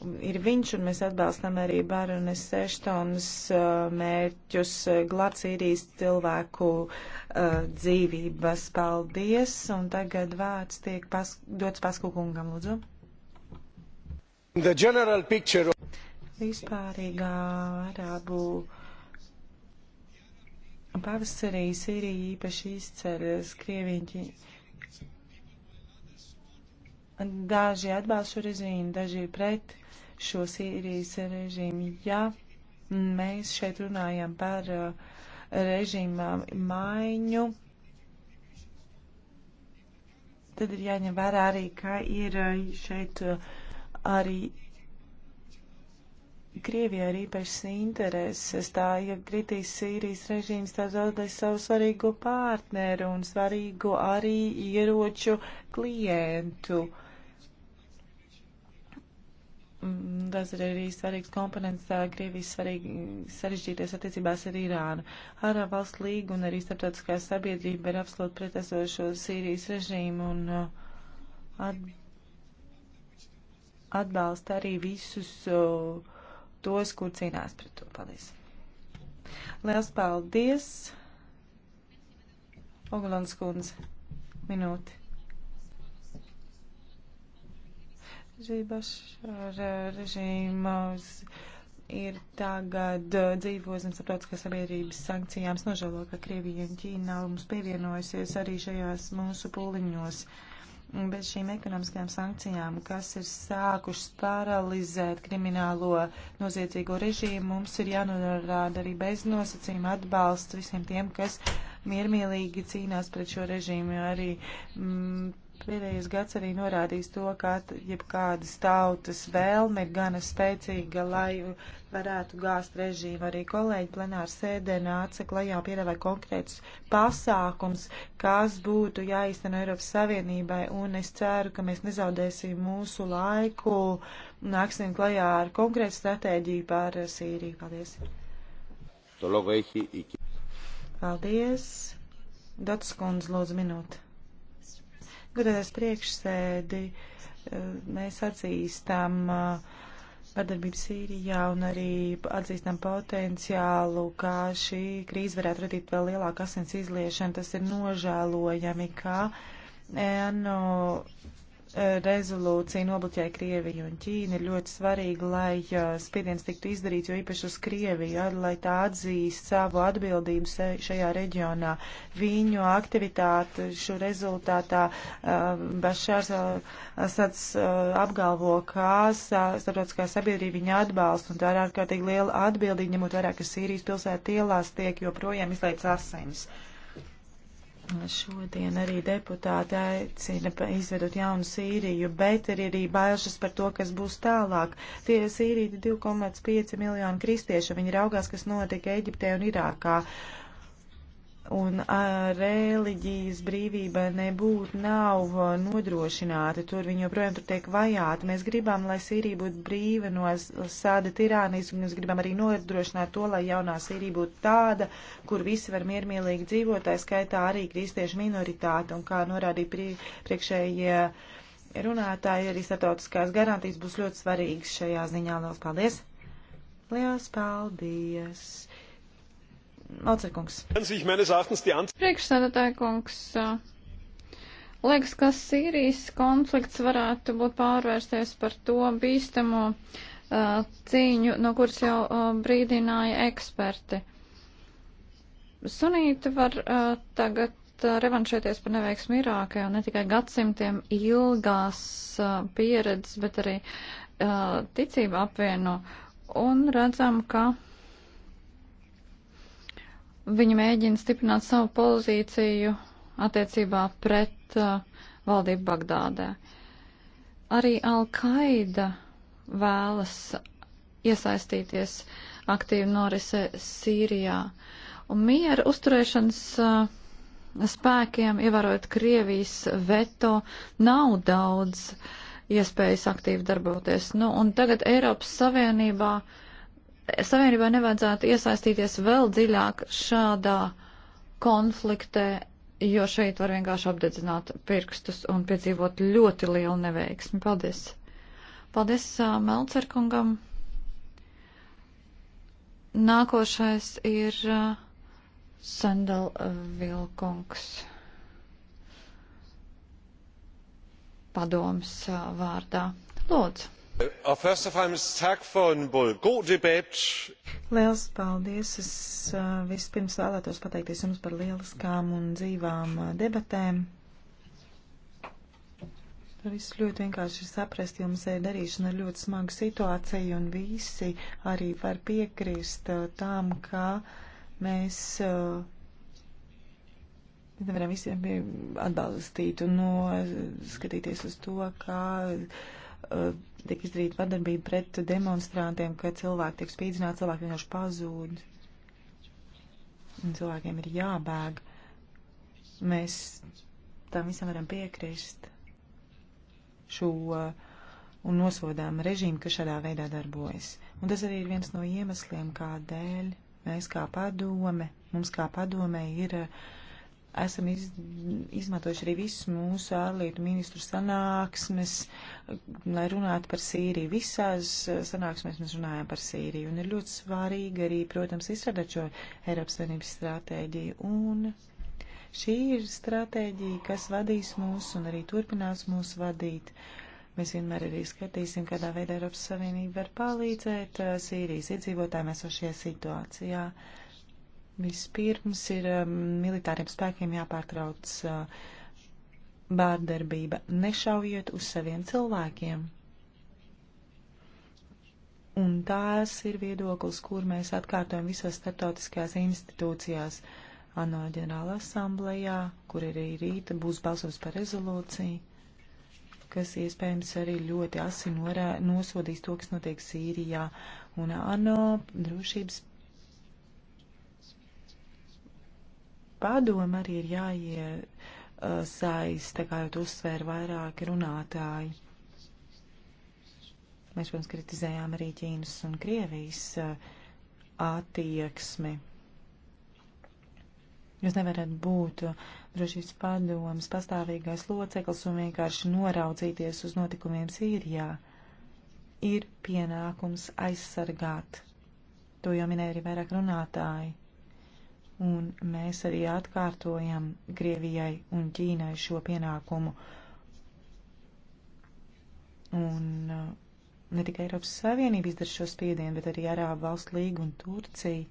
um, ir viņš, un mēs atbalstam arī Barones Eštonas uh, mērķus uh, glābt Sīrijas cilvēku uh, dzīvības. Paldies, un tagad vārds tiek pas, dots paskukungam, lūdzu. Picture... Vispārīgā arābu pavasarī Sīrija īpaši izceļas Krieviņķi Daži atbalsta šo režīmu, daži ir pret šo Sīrijas režīmu. Ja mēs šeit runājam par uh, režīmu maiņu, tad ir jāņem vērā arī, ka ir uh, šeit uh, arī Krievijā ir īpašas intereses. Tā, ja kritīs Sīrijas režīms, tā zaudēs savu svarīgo partneru un svarīgu arī ieroču klientu. Uh, Mm, tas ir arī svarīgs komponents Krievijas svarīgi sarežģīties attiecībās ar Irānu. Ārā valsts līga un arī starptautiskā sabiedrība ir absolūti pretesošo Sīrijas režīmu un uh, atbalsta arī visus uh, tos, kur cīnās pret to. Paldies! Liels paldies! Ogulons kundze, minūte. Žībaša eh, režīmos ir tagad eh, dzīvo zem starptautiskās sabiedrības sankcijām. Es nožēlo, ka Krievija un Ķīna mums pievienojusies arī šajās mūsu pūliņos. Bez šīm ekonomiskajām sankcijām, kas ir sākušas paralizēt kriminālo noziedzīgo režīmu, mums ir jānorāda arī beznosacījuma atbalsts visiem tiem, kas miermīlīgi cīnās pret šo režīmu. Arī mm, Pēdējais gads arī norādījis to, ka jebkādas tautas vēlme ir gana spēcīga, lai varētu gāzt režīmu. Arī kolēģi plenāra sēdē nāca klajā piedāvāja konkrētus pasākums, kas būtu jāizteno Eiropas Savienībai, un es ceru, ka mēs nezaudēsim mūsu laiku, nāksim klajā ar konkrētu stratēģiju par Sīriju. Paldies! Paldies! Dats kundze, lūdzu minūti. Godātais priekšsēdi, eh, mēs atzīstam eh, vardarbību Sīrijā un arī atzīstam potenciālu, ka šī krīze varētu radīt vēl lielāku asins izliešanu. Tas ir nožēlojami, ka ANO Eh, rezolūcija nobloķēja Krieviju un Ķīnu, ir ļoti svarīgi, lai eh, spiediens tiktu izdarīts, jo īpaši uz Krieviju, lai tā atzīst savu atbildību šajā reģionā. Viņu aktivitāte šo rezultātā eh, Bašārs Asads apgalvo, kā starptautiskā sabiedrība viņu atbalsta, un tā ir ārkārtīgi liela atbildība, ņemot vairāk, ka Sīrijas pilsēta ielās tiek joprojām izlaists asins. Uh, Šodien arī deputāti aicina izvedot jaunu Sīriju, bet ir arī bailšas par to, kas būs tālāk. Tie Sīrija 2,5 miljoni kristieši, viņi raugās, kas notika Eģiptē un Irākā. Uh, un a, reliģijas brīvība nebūtu nav nodrošināta. Tur viņi joprojām tur tiek vajāti. Mēs gribam, lai Sīrija būtu brīva no sāda tirānijas, un mēs gribam arī nodrošināt to, lai jaunā Sīrija būtu tāda, kur visi var miermīlīgi dzīvot, tā skaitā arī kristiešu minoritāte, un kā norādīja prie, priekšējie runātāji, arī startautiskās garantijas būs ļoti svarīgas šajā ziņā. Lielas paldies! Lielas paldies! Malcerkungs. Priekšsēdētāja kungs. Liekas, ka Sīrijas konflikts varētu būt pārvērsties par to bīstamo uh, cīņu, no kuras jau uh, brīdināja eksperti. Sunīti var uh, tagad revanšēties par neveiksmu Irākai un ne tikai gadsimtiem ilgās pieredzes, bet arī ticība apvieno. Un redzam, ka Viņi mēģina stiprināt savu pozīciju attiecībā pret uh, valdību Bagdādē. Arī Al-Qaida vēlas iesaistīties aktīvi norise Sīrijā. Un miera uzturēšanas uh, spēkiem, ievērojot Krievijas veto, nav daudz iespējas aktīvi darboties. Nu, un tagad Eiropas Savienībā uh, Savienībā nevajadzētu iesaistīties vēl dziļāk šādā konfliktē, jo šeit var vienkārši apdedzināt pirkstus un piedzīvot ļoti lielu neveiksmi. Paldies! Paldies uh, Melcerkungam! Nākošais ir uh, Sandal Vilkungs. Padoms uh, vārdā. Lūdzu! Og først og fremmest tak for en både god debat. Liels paldies! Es uh, vispirms vēlētos pateikties jums par lieliskām un dzīvām uh, debatēm. To visu ļoti vienkārši saprast, jo mums ir darīšana ar ļoti smagu situāciju un visi arī var piekrist uh, tām, ka mēs nevaram visiem atbalstīt un noskatīties uz to, kā tiek izdarīta vardarbība pret demonstrantiem, ka cilvēki tiek spīdzināti, cilvēki vienkārši pazūd. Un cilvēkiem ir jābēg. Mēs tam visam varam piekrist šo un nosodām režīmu, kas šādā veidā darbojas. Un tas arī ir viens no iemesliem, kādēļ mēs kā padome, mums kā padome ir uh, Esam iz, izmantojuši arī visus mūsu ārlietu ministru sanāksmes, lai runātu par Sīriju. Visās sanāksmēs mēs runājam par Sīriju. Un ir ļoti svarīgi arī, protams, izstrādāt šo Eiropas Savienības stratēģiju. Un šī ir stratēģija, kas vadīs mūs un arī turpinās mūs vadīt. Mēs vienmēr arī skatīsim, kādā veidā Eiropas Savienība var palīdzēt uh, Sīrijas iedzīvotājiem esošajā situācijā. Uh, Vispirms ir um, militāriem spēkiem jāpārtrauc uh, bārdarbība. Nešaujiet uz saviem cilvēkiem. Un tās ir viedoklis, kur mēs atkārtojam visās starptautiskajās institūcijās. ANO ģenerāla asamblējā, kur arī rīta būs balsojums par rezolūciju, kas iespējams arī ļoti asi norā, nosodīs to, kas notiek Sīrijā. Un ANO drošības Padoma arī ir jāiesaista, kā jau tu uzsvēri vairāki runātāji. Mēs, protams, kritizējām arī Ķīnas un Krievijas attieksmi. Jūs nevarat būt drošības padomas pastāvīgais loceklis un vienkārši noraudzīties uz notikumiem Sīrijā. Ir pienākums aizsargāt. To jau minēja arī vairāk runātāji un mēs arī atkārtojam Krievijai un Ķīnai šo pienākumu. Un uh, ne tikai Eiropas Savienība izdara šo spiedienu, bet arī Arābu valstu līga un Turcija.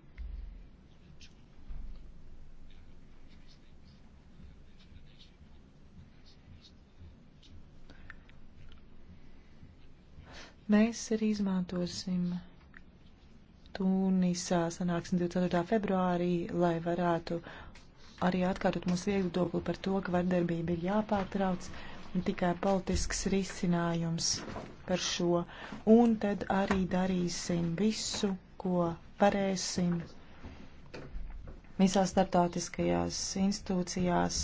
Mēs arī izmantosim Tunisā sanāksim 24. februārī, lai varētu arī atkārtot mūsu viedokli par to, ka vardarbība ir jāpārtrauc, ne tikai politisks risinājums par šo. Un tad arī darīsim visu, ko varēsim visās starptautiskajās institūcijās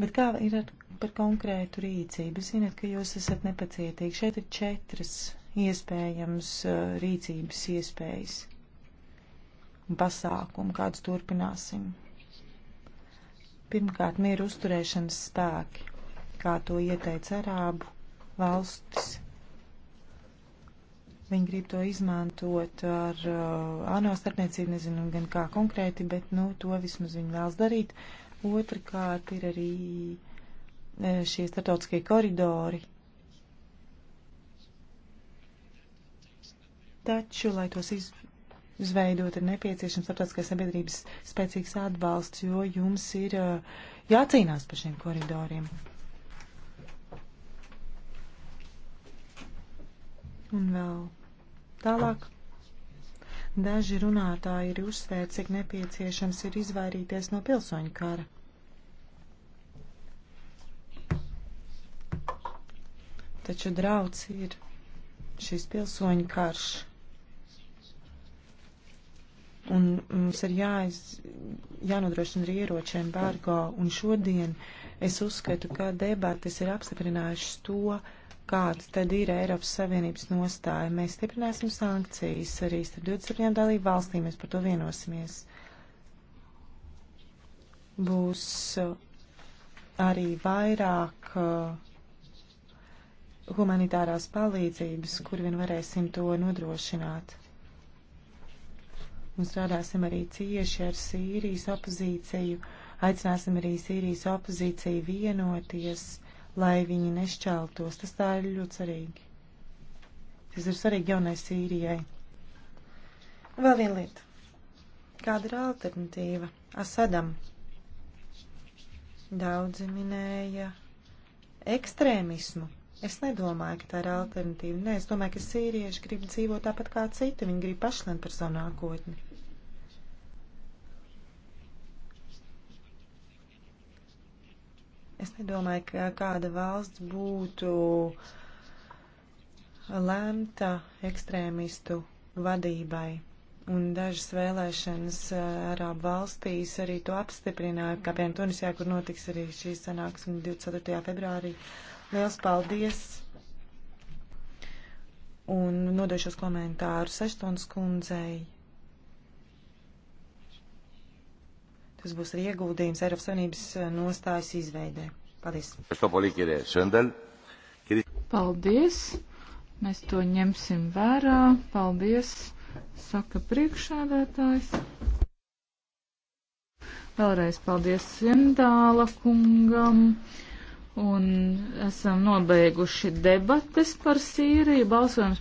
Bet kā ir ar, par konkrētu rīcību? Ziniet, ka jūs esat nepacietīgi. Šeit ir četras iespējams rīcības iespējas un pasākumu, kādus turpināsim. Pirmkārt, mieru uzturēšanas spēki, kā to ieteica Arābu valstis. Viņi grib to izmantot ar uh, ANO starpniecību, nezinu gan kā konkrēti, bet, nu, to vismaz viņi vēlas darīt. Uh, Otrakārt ir arī e, šie startautiskie koridori. Taču, lai tos iz, izveidot, ir nepieciešams starptautiskās sabiedrības spēcīgs atbalsts, jo jums ir e, jācīnās par šiem koridoriem. Un vēl tālāk. Tam. Daži runātāji ir uzsvērti, cik nepieciešams ir izvairīties no pilsoņu kara. Taču drauds ir šis pilsoņu karš. Un mums ir jāiz, jānodrošina arī ieroču embargo. Un šodien es uzskatu, ka debates ir apstiprinājušas to, uh, kāda tad ir Eiropas Savienības nostāja. Mēs stiprināsim sankcijas arī starp 27 dalību valstīm, mēs par to vienosimies. Būs uh, arī vairāk uh, humanitārās palīdzības, kur vien varēsim to nodrošināt. Un strādāsim arī cieši ar Sīrijas opozīciju, aicināsim arī Sīrijas opozīciju vienoties lai viņi nešķeltos. Tas tā ir ļoti svarīgi. Tas ir svarīgi jaunai Sīrijai. Vēl viena lieta. Kāda ir alternatīva Asadam? Daudzi minēja ekstrēmismu. Es nedomāju, ka tā ir alternatīva. Nē, es domāju, ka sīrieši grib dzīvot tāpat kā citi. Viņi grib pašlien par savu nākotni. Es nedomāju, ka kāda valsts būtu lemta ekstrēmistu vadībai. Un dažas vēlēšanas eh, Arābu valstīs arī to apstiprināja, kā piemēram Tunisijā, kur notiks arī šī sanāksme 24. februārī. Liels paldies! Un nodošos komentārus Seštons kundzei. Tas būs arī ieguldījums Eiropas Savienības eh, nostājas izveidē. Paldies! Paldies! Mēs to ņemsim vērā. Paldies! Saka priekšādātājs. Vēlreiz paldies Svindāla kungam. Un esam nobeiguši debates par Sīriju. Balsojums